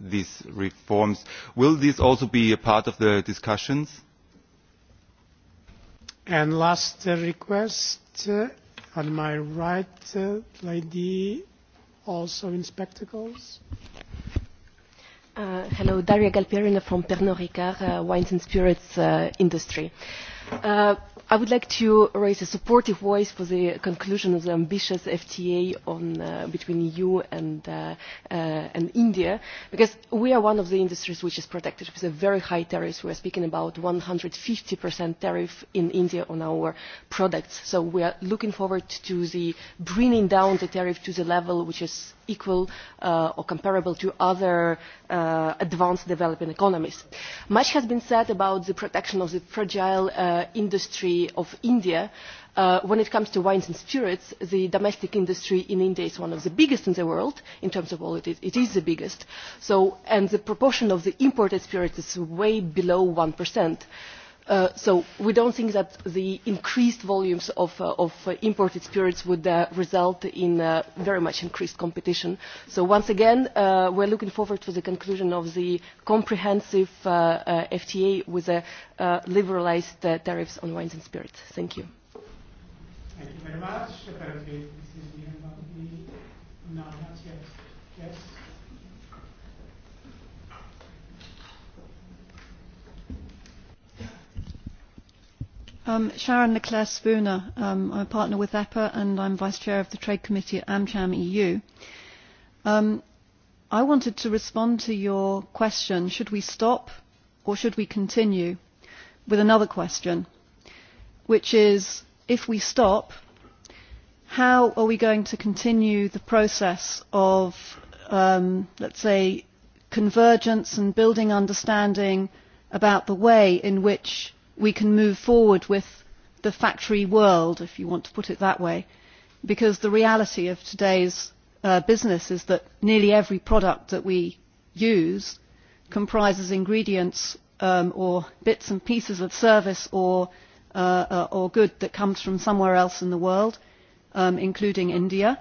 [SPEAKER 7] these reforms. will this also be a part of the discussions?
[SPEAKER 1] and last request on my right lady also in spectacles.
[SPEAKER 14] Uh, hello, Daria Galperina from Pernod Ricard uh, Wines and Spirits uh, Industry. Uh, I would like to raise a supportive voice for the conclusion of the ambitious FTA on, uh, between EU and, uh, uh, and India, because we are one of the industries which is protected with a very high tariff. We are speaking about 150% tariff in India on our products. So we are looking forward to the bringing down the tariff to the level which is equal uh, or comparable to other uh, uh, advanced developing economies. Much has been said about the protection of the fragile uh, industry of India. Uh, when it comes to wines and spirits, the domestic industry in India is one of the biggest in the world. In terms of all, it is, it is the biggest. So, and the proportion of the imported spirits is way below 1% so we do not think that the increased volumes of imported spirits would result in very much increased competition. so once again we are looking forward to the conclusion of the comprehensive fta with liberalised tariffs on wines and spirits. thank you.
[SPEAKER 1] Thank you very much.
[SPEAKER 15] Um, Sharon Leclerc Spooner, um, I'm a partner with EPA and I'm vice chair of the Trade Committee at AmCham EU. Um, I wanted to respond to your question, should we stop or should we continue, with another question, which is, if we stop, how are we going to continue the process of, um, let's say, convergence and building understanding about the way in which we can move forward with the factory world, if you want to put it that way, because the reality of today's uh, business is that nearly every product that we use comprises ingredients um, or bits and pieces of service or, uh, uh, or good that comes from somewhere else in the world, um, including India.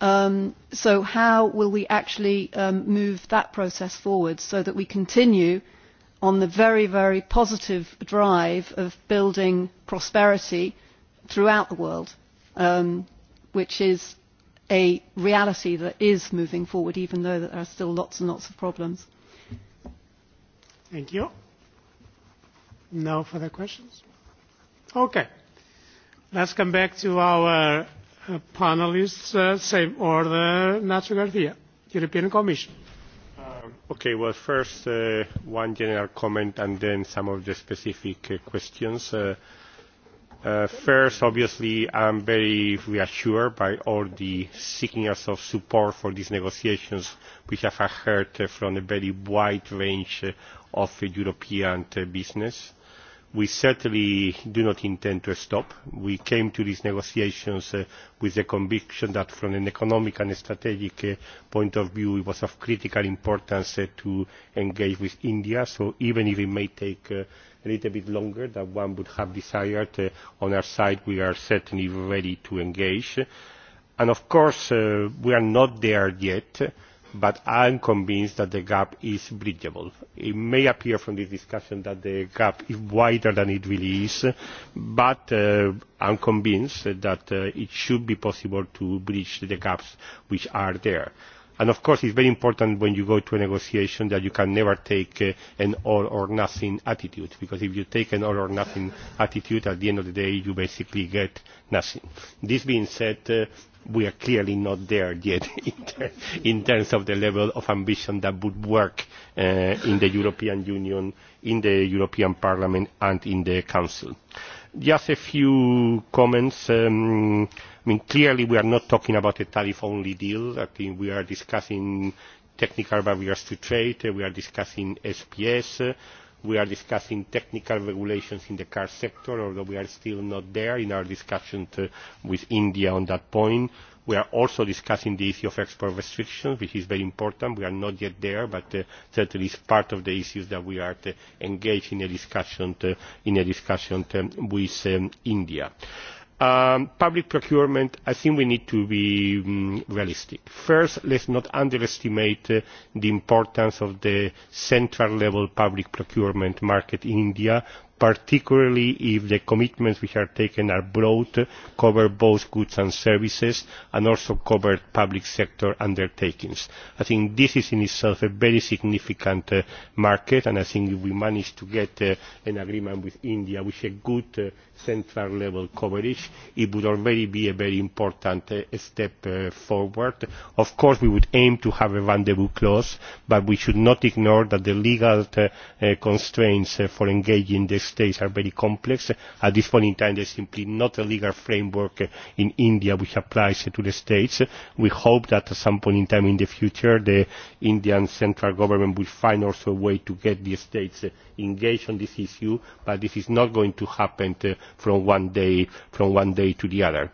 [SPEAKER 15] Um, so how will we actually um, move that process forward so that we continue uh, on the very, very positive drive of building prosperity throughout the world, um, which is a reality that is moving forward, even though there are still lots and lots of problems. Thank you.
[SPEAKER 1] No further questions? Okay. Let's come back to our uh, panelists, uh, same order, Nacho Garcia, European Commission.
[SPEAKER 2] Okay, well, first, uh, one general comment and then some of the specific uh, questions. Uh, uh, first, obviously, I'm very reassured by all the signals of support for these negotiations, which I've have heard uh, from a very wide range uh, of uh, European uh, business we certainly do not intend to stop. we came to these negotiations with the conviction that from an economic and strategic point of view it was of critical importance to engage with india so even if it may take a little bit longer than one would have desired on our side we are certainly ready to engage. and of course we are not there yet but I am convinced that the gap is bridgeable. It may appear from this discussion that the gap is wider than it really is, but uh, I'm convinced that uh, it should be possible to bridge the gaps which are there. And of course, it's very important when you go to a negotiation that you can never take uh, an all or nothing attitude, because if you take an all or nothing attitude, at the end of the day, you basically get nothing. This being said, uh, we are clearly not there yet in terms of the level of ambition that would work in the European Union, in the European Parliament and in the Council. Just a few comments. I mean, clearly we are not talking about a tariff-only deal. I think we are discussing technical barriers to trade. We are discussing SPS we are discussing technical regulations in the car sector, although we are still not there in our discussions with India on that point. We are also discussing the issue of export restrictions, which is very important. We are not yet there, but uh, certainly is part of the issues that we are engaged in a discussion, in a discussion with India public procurement i think we need to be realistic. first let us not underestimate the importance of the central level public procurement market in india particularly if the commitments which are taken are broad, cover both goods and services, and also cover public sector undertakings. I think this is in itself a very significant uh, market, and I think if we manage to get uh, an agreement with India with a good uh, central level coverage, it would already be a very important uh, step uh, forward. Of course, we would aim to have a rendezvous clause, but we should not ignore that the legal uh, constraints uh, for engaging the states are very complex. At this point in time, there is simply not a legal framework in India which applies to the states. We hope that at some point in time in the future, the Indian central government will find also a way to get the states engaged on this issue, but this is not going to happen from one day, from one day to the other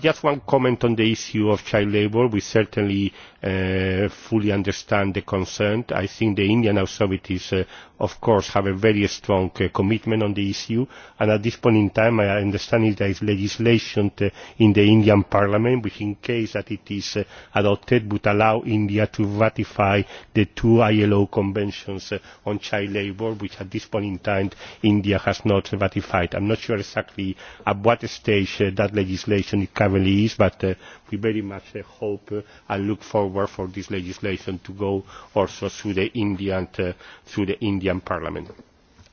[SPEAKER 2] Just one comment on the issue of child labour. We certainly fully understand the concern. I think the Indian authorities, of course, have a very strong commitment on the issue. And at this point in time, I understand there is legislation in the Indian Parliament, which in case that it is adopted, would allow India to ratify the two ILO conventions on child labour, which at this point in time, India has not ratified. I am not sure exactly at what stage that legislation situation it currently is, but we very much hope and look forward for this legislation to go also through the Indian, through the Indian Parliament.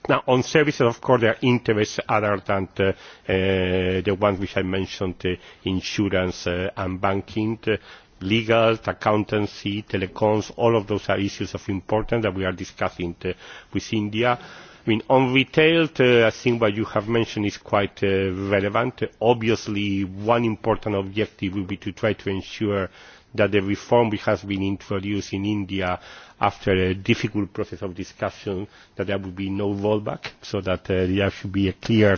[SPEAKER 2] Now, on services, of course, there are interests other than uh, the ones which I mentioned, uh, insurance uh, and banking. Uh, legal, accountancy, telecoms, all of those are issues of importance that we are discussing uh, with India I mean, on retail, I think what you have mentioned is quite relevant. Obviously, one important objective will be to try to ensure that the reform which has been introduced in India after a difficult process of discussion, that there will be no rollback, so that there should be a clear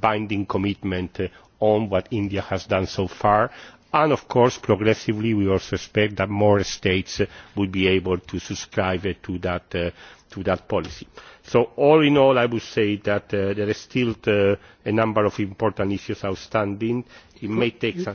[SPEAKER 2] binding commitment on what India has done so far, and of course progressively we also expect that more states will be able to subscribe to that policy so all in all i would say that there is still a number of important issues outstanding. it may take some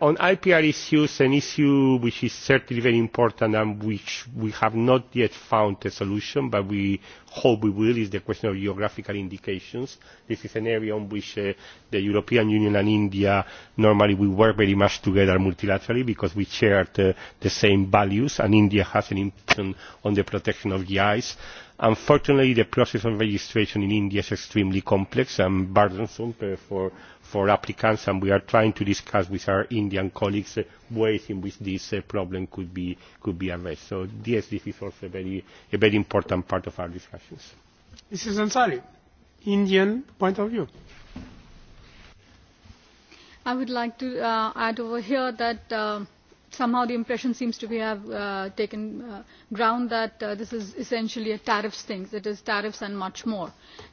[SPEAKER 2] on ipr issues an issue which is certainly very important and which we have not yet found a solution but we hope we will is the question of geographical indications. this is an area on which the european union and india normally work very much together multilaterally because we share the same values and india has an interest on the protection of eyes unfortunately the process of registration in india is extremely complex and burdensome for for applicants and we are trying to discuss with our indian colleagues ways in which this problem could be could be addressed so yes this is also a very a very important part of
[SPEAKER 1] our discussions mrs ansari indian point of view
[SPEAKER 3] i would like to uh, add over here that uh, somehow the impression seems to be have uh, taken uh, ground that uh, this is essentially a tariffs thing. It is tariffs and much more.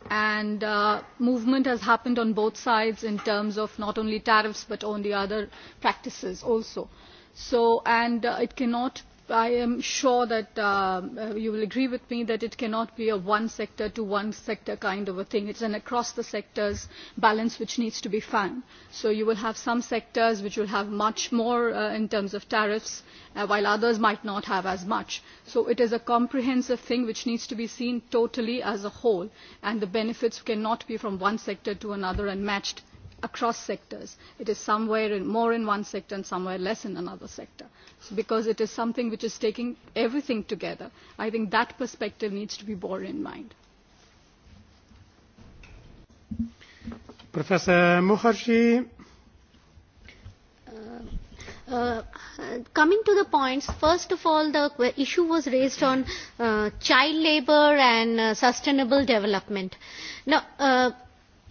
[SPEAKER 3] And uh, movement has happened on both sides in terms of not only tariffs but on the other practices also. So, and uh, it cannot I am sure that uh, you will agree with me that it cannot be a one sector to one sector kind of a thing. It's an across the sectors balance which needs to be found. So you will have some sectors which will have much more uh, in terms of tariffs, uh, while others might not have as much. So it is a comprehensive thing which needs to be seen totally as a whole, and the benefits cannot be from one sector to another and matched across sectors. It is somewhere in, more in one sector and somewhere less in another sector. So because it is something which is taking everything together, I think that perspective needs to be borne in mind.
[SPEAKER 1] Professor Mukherjee.
[SPEAKER 4] Uh, coming to the points, first of all, the issue was raised on uh, child labor and uh, sustainable development. Now, uh,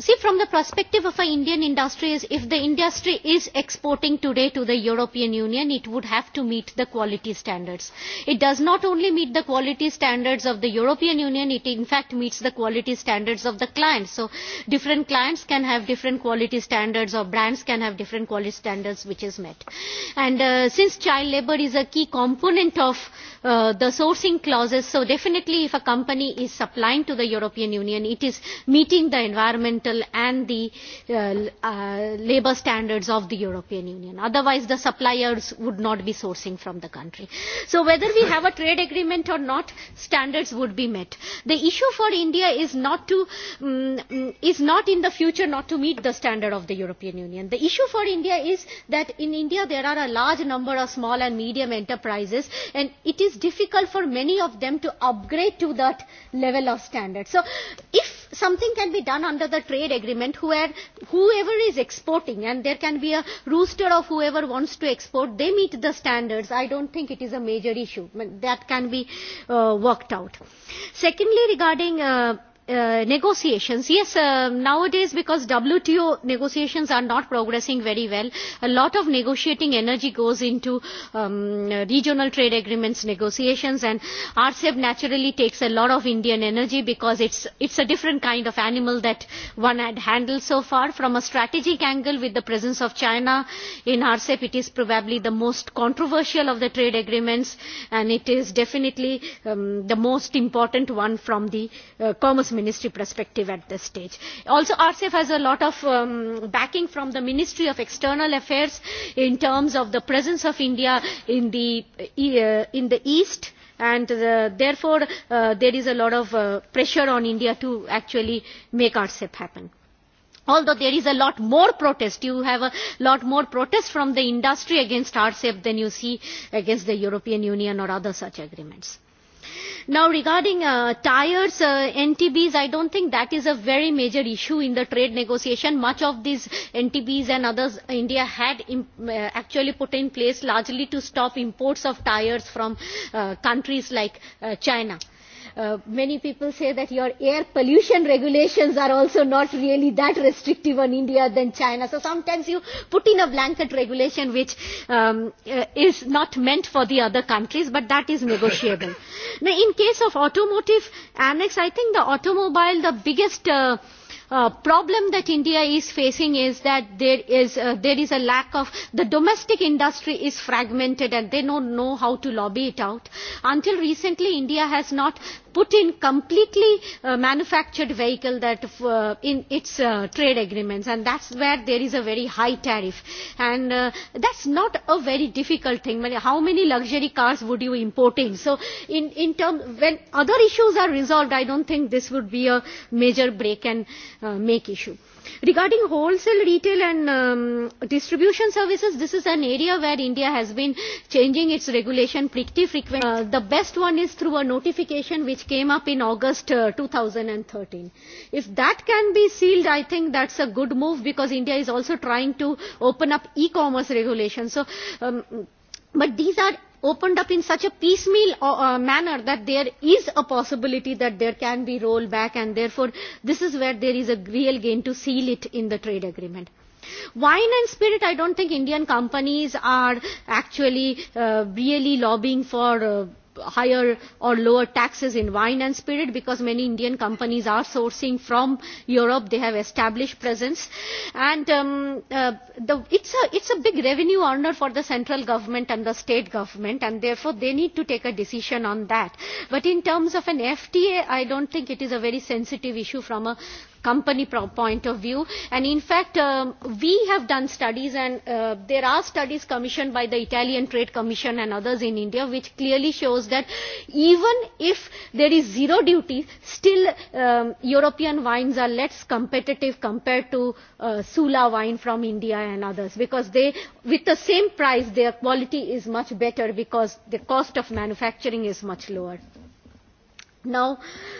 [SPEAKER 4] see from the perspective of an indian industry is if the industry is exporting today to the european union it would have to meet the quality standards it does not only meet the quality standards of the european union it in fact meets the quality standards of the clients so different clients can have different quality standards or brands can have different quality standards which is met and uh, since child labor is a key component of the sourcing clauses. So definitely if a company is supplying to the European Union, it is meeting the environmental and the uh, uh, labor standards of the European Union. Otherwise the suppliers would not be sourcing from the country. So whether we have a trade agreement or not, standards would be met. The issue for India is not to, um, is not in the future not to meet the standard of the European Union. The issue for India is that in India there are a large number of small and medium enterprises and it is is difficult for many of them to upgrade to that level of standard. So if something can be done under the trade agreement where whoever is exporting and there can be a rooster of whoever wants to export, they meet the standards. I don't think it is a major issue. That can be uh, worked out. Secondly, regarding uh, negotiations. Yes, uh, nowadays because WTO negotiations are not progressing very well, a lot of negotiating energy goes into um, regional trade agreements negotiations and RCEP naturally takes a lot of Indian energy because it's, it's a different kind of animal that one had handled so far. From a strategic angle with the presence of China in RCEP, it is probably the most controversial of the trade agreements and it is definitely um, the most important one from the uh, Commerce ministry perspective at this stage. Also, RCEF has a lot of um, backing from the Ministry of External Affairs in terms of the presence of India in the, uh, in the East and uh, therefore uh, there is a lot of uh, pressure on India to actually make RCEP happen although there is a lot more protest you have a lot more protest from the industry against rcep than you see against the european union or other such agreements Now, regarding uh, tires, uh, NTBs, I don't think that is a very major issue in the trade negotiation. Much of these NTBs and others India had um, uh, actually put in place largely to stop imports of tires from uh, countries like uh, China Uh, many people say that your air pollution regulations are also not really that restrictive on India than China. So sometimes you put in a blanket regulation which um, uh, is not meant for the other countries, but that is negotiable. now, in case of automotive annex, I think the automobile, the biggest uh, uh, problem that India is facing is that there is, uh, there is a lack of, the domestic industry is fragmented and they don't know how to lobby it out. Until recently, India has not put in completely uh, manufactured vehicle that uh, in its uh, trade agreements and that's where there is a very high tariff and uh, that's not a very difficult thing how many luxury cars would you import in so in in term when other issues are resolved i don't think this would be a major break and uh, make issue. Regarding wholesale retail and um, distribution services, this is an area where India has been changing its regulation pretty frequently. Uh, the best one is through a notification which came up in August uh, 2013. If that can be sealed, I think that's a good move because India is also trying to open up e-commerce regulation. So, um, but these are opened up in such a piecemeal uh, manner that there is a possibility that there can be rollback and therefore this is where there is a real gain to seal it in the trade agreement wine and spirit i don't think indian companies are actually uh, really lobbying for uh, higher or lower taxes in wine and spirit because many Indian companies are sourcing from Europe. They have established presence. And um, uh, the, it's, a, it's a big revenue earner for the central government and the state government and therefore they need to take a decision on that. But in terms of an FTA, I don't think it is a very sensitive issue from a company point of view. And in fact, um, we have done studies, and uh, there are studies commissioned by the Italian Trade Commission and others in India, which clearly shows that even if there is zero duty, still um, European wines are less competitive compared to uh, Sula wine from India and others, because they, with the same price, their quality is much better because the cost of manufacturing is much lower. Now,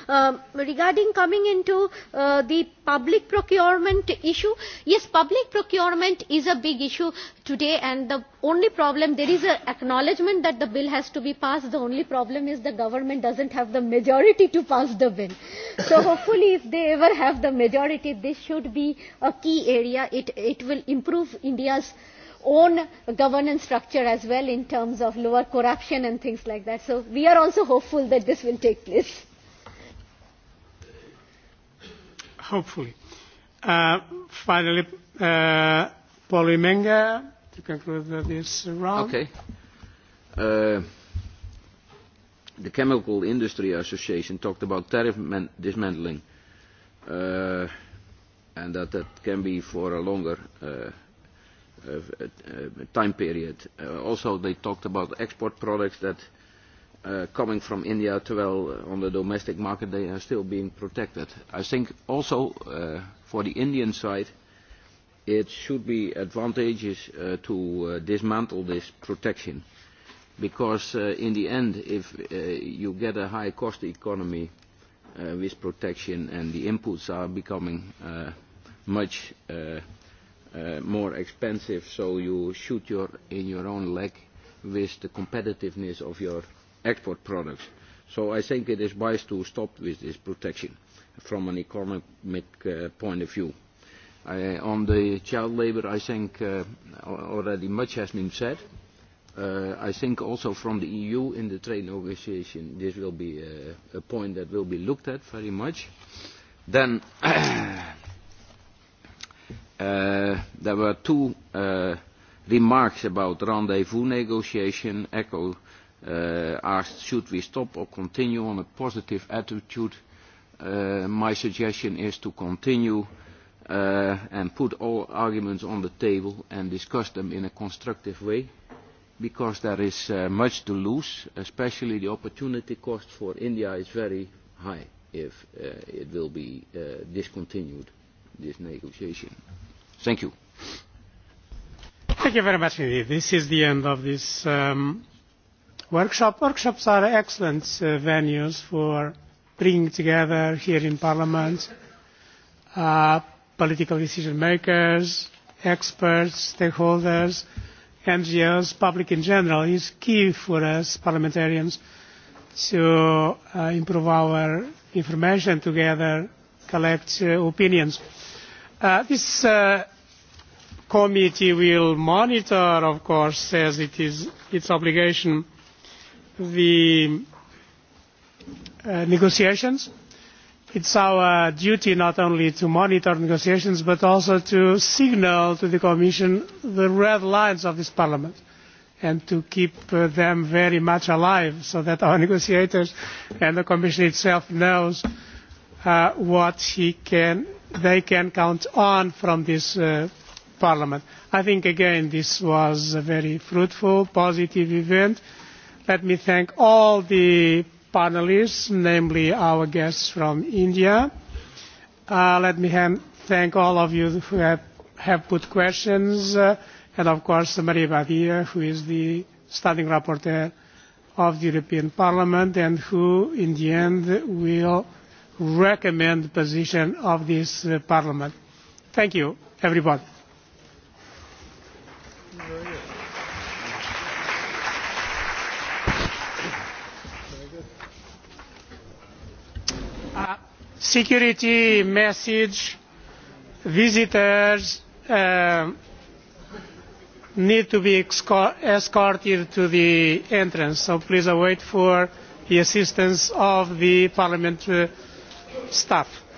[SPEAKER 4] uh, regarding coming into uh, the public procurement issue, yes, public procurement is a big issue today and the only problem, there is an acknowledgement that the bill has to be passed. The only problem is the government doesn't have the majority to pass the bill. So hopefully if they ever have the majority, this should be a key area. It, it will improve India's uh, own governance structure as well in terms of lower corruption and things like that. So we are also hopeful that this will take place.
[SPEAKER 1] Hopefully. Uh, finally, uh, Paul Menga to conclude this round. Okay.
[SPEAKER 5] Uh, the Chemical Industry Association talked about tariff man dismantling uh, and that that can be for a longer uh, time period. also, they talked about export products that uh, coming from India, well, on the domestic market they are still being protected. I think also uh, for the Indian side, it should be advantageous uh, to uh, dismantle this protection. Because uh, in the end, if uh, you get a high cost economy uh, with protection and the inputs are becoming uh, much uh, uh, more expensive, so you shoot your, in your own leg with the competitiveness of your export products. So I think it is wise to stop with this protection from an economic uh, point of view. I, on the child labour, I think uh, already much has been said. Uh, I think also from the EU in the trade negotiation, this will be a, a point that will be looked at very much. Then there were two remarks about rendezvous negotiation. ECHO asked, should we stop or continue on a positive attitude? my suggestion is to continue and put all arguments on the table and discuss them in a constructive way because there is much to lose, especially the opportunity cost for India is very high if it will be discontinued, this negotiation. Thank you.
[SPEAKER 1] Thank you very much indeed. This is the end of this um, workshop. Workshops are excellent uh, venues for bringing together here in Parliament uh, political decision makers, experts, stakeholders, NGOs, public in general is key for us parliamentarians to uh, improve our information together, collect uh, opinions this committee will monitor, of course, as it is its obligation, the negotiations. It is our duty not only to monitor negotiations, but also to signal to the Commission the red lines of this Parliament and to keep them very much alive so that our negotiators and the Commission itself knows uh, what he can, they can count on from this Parliament. I think, again, this was a very fruitful, positive event. Let me thank all the panelists, namely our guests from India. Uh, let me thank all of you who have, have put questions, uh, and of course Maria Badia, who is the standing rapporteur of the European Parliament and who, in the end, will recommend the position of this parliament. Thank you, everybody. security message visitors need to be escorted to the entrance so please await for the assistance of the parliament staff.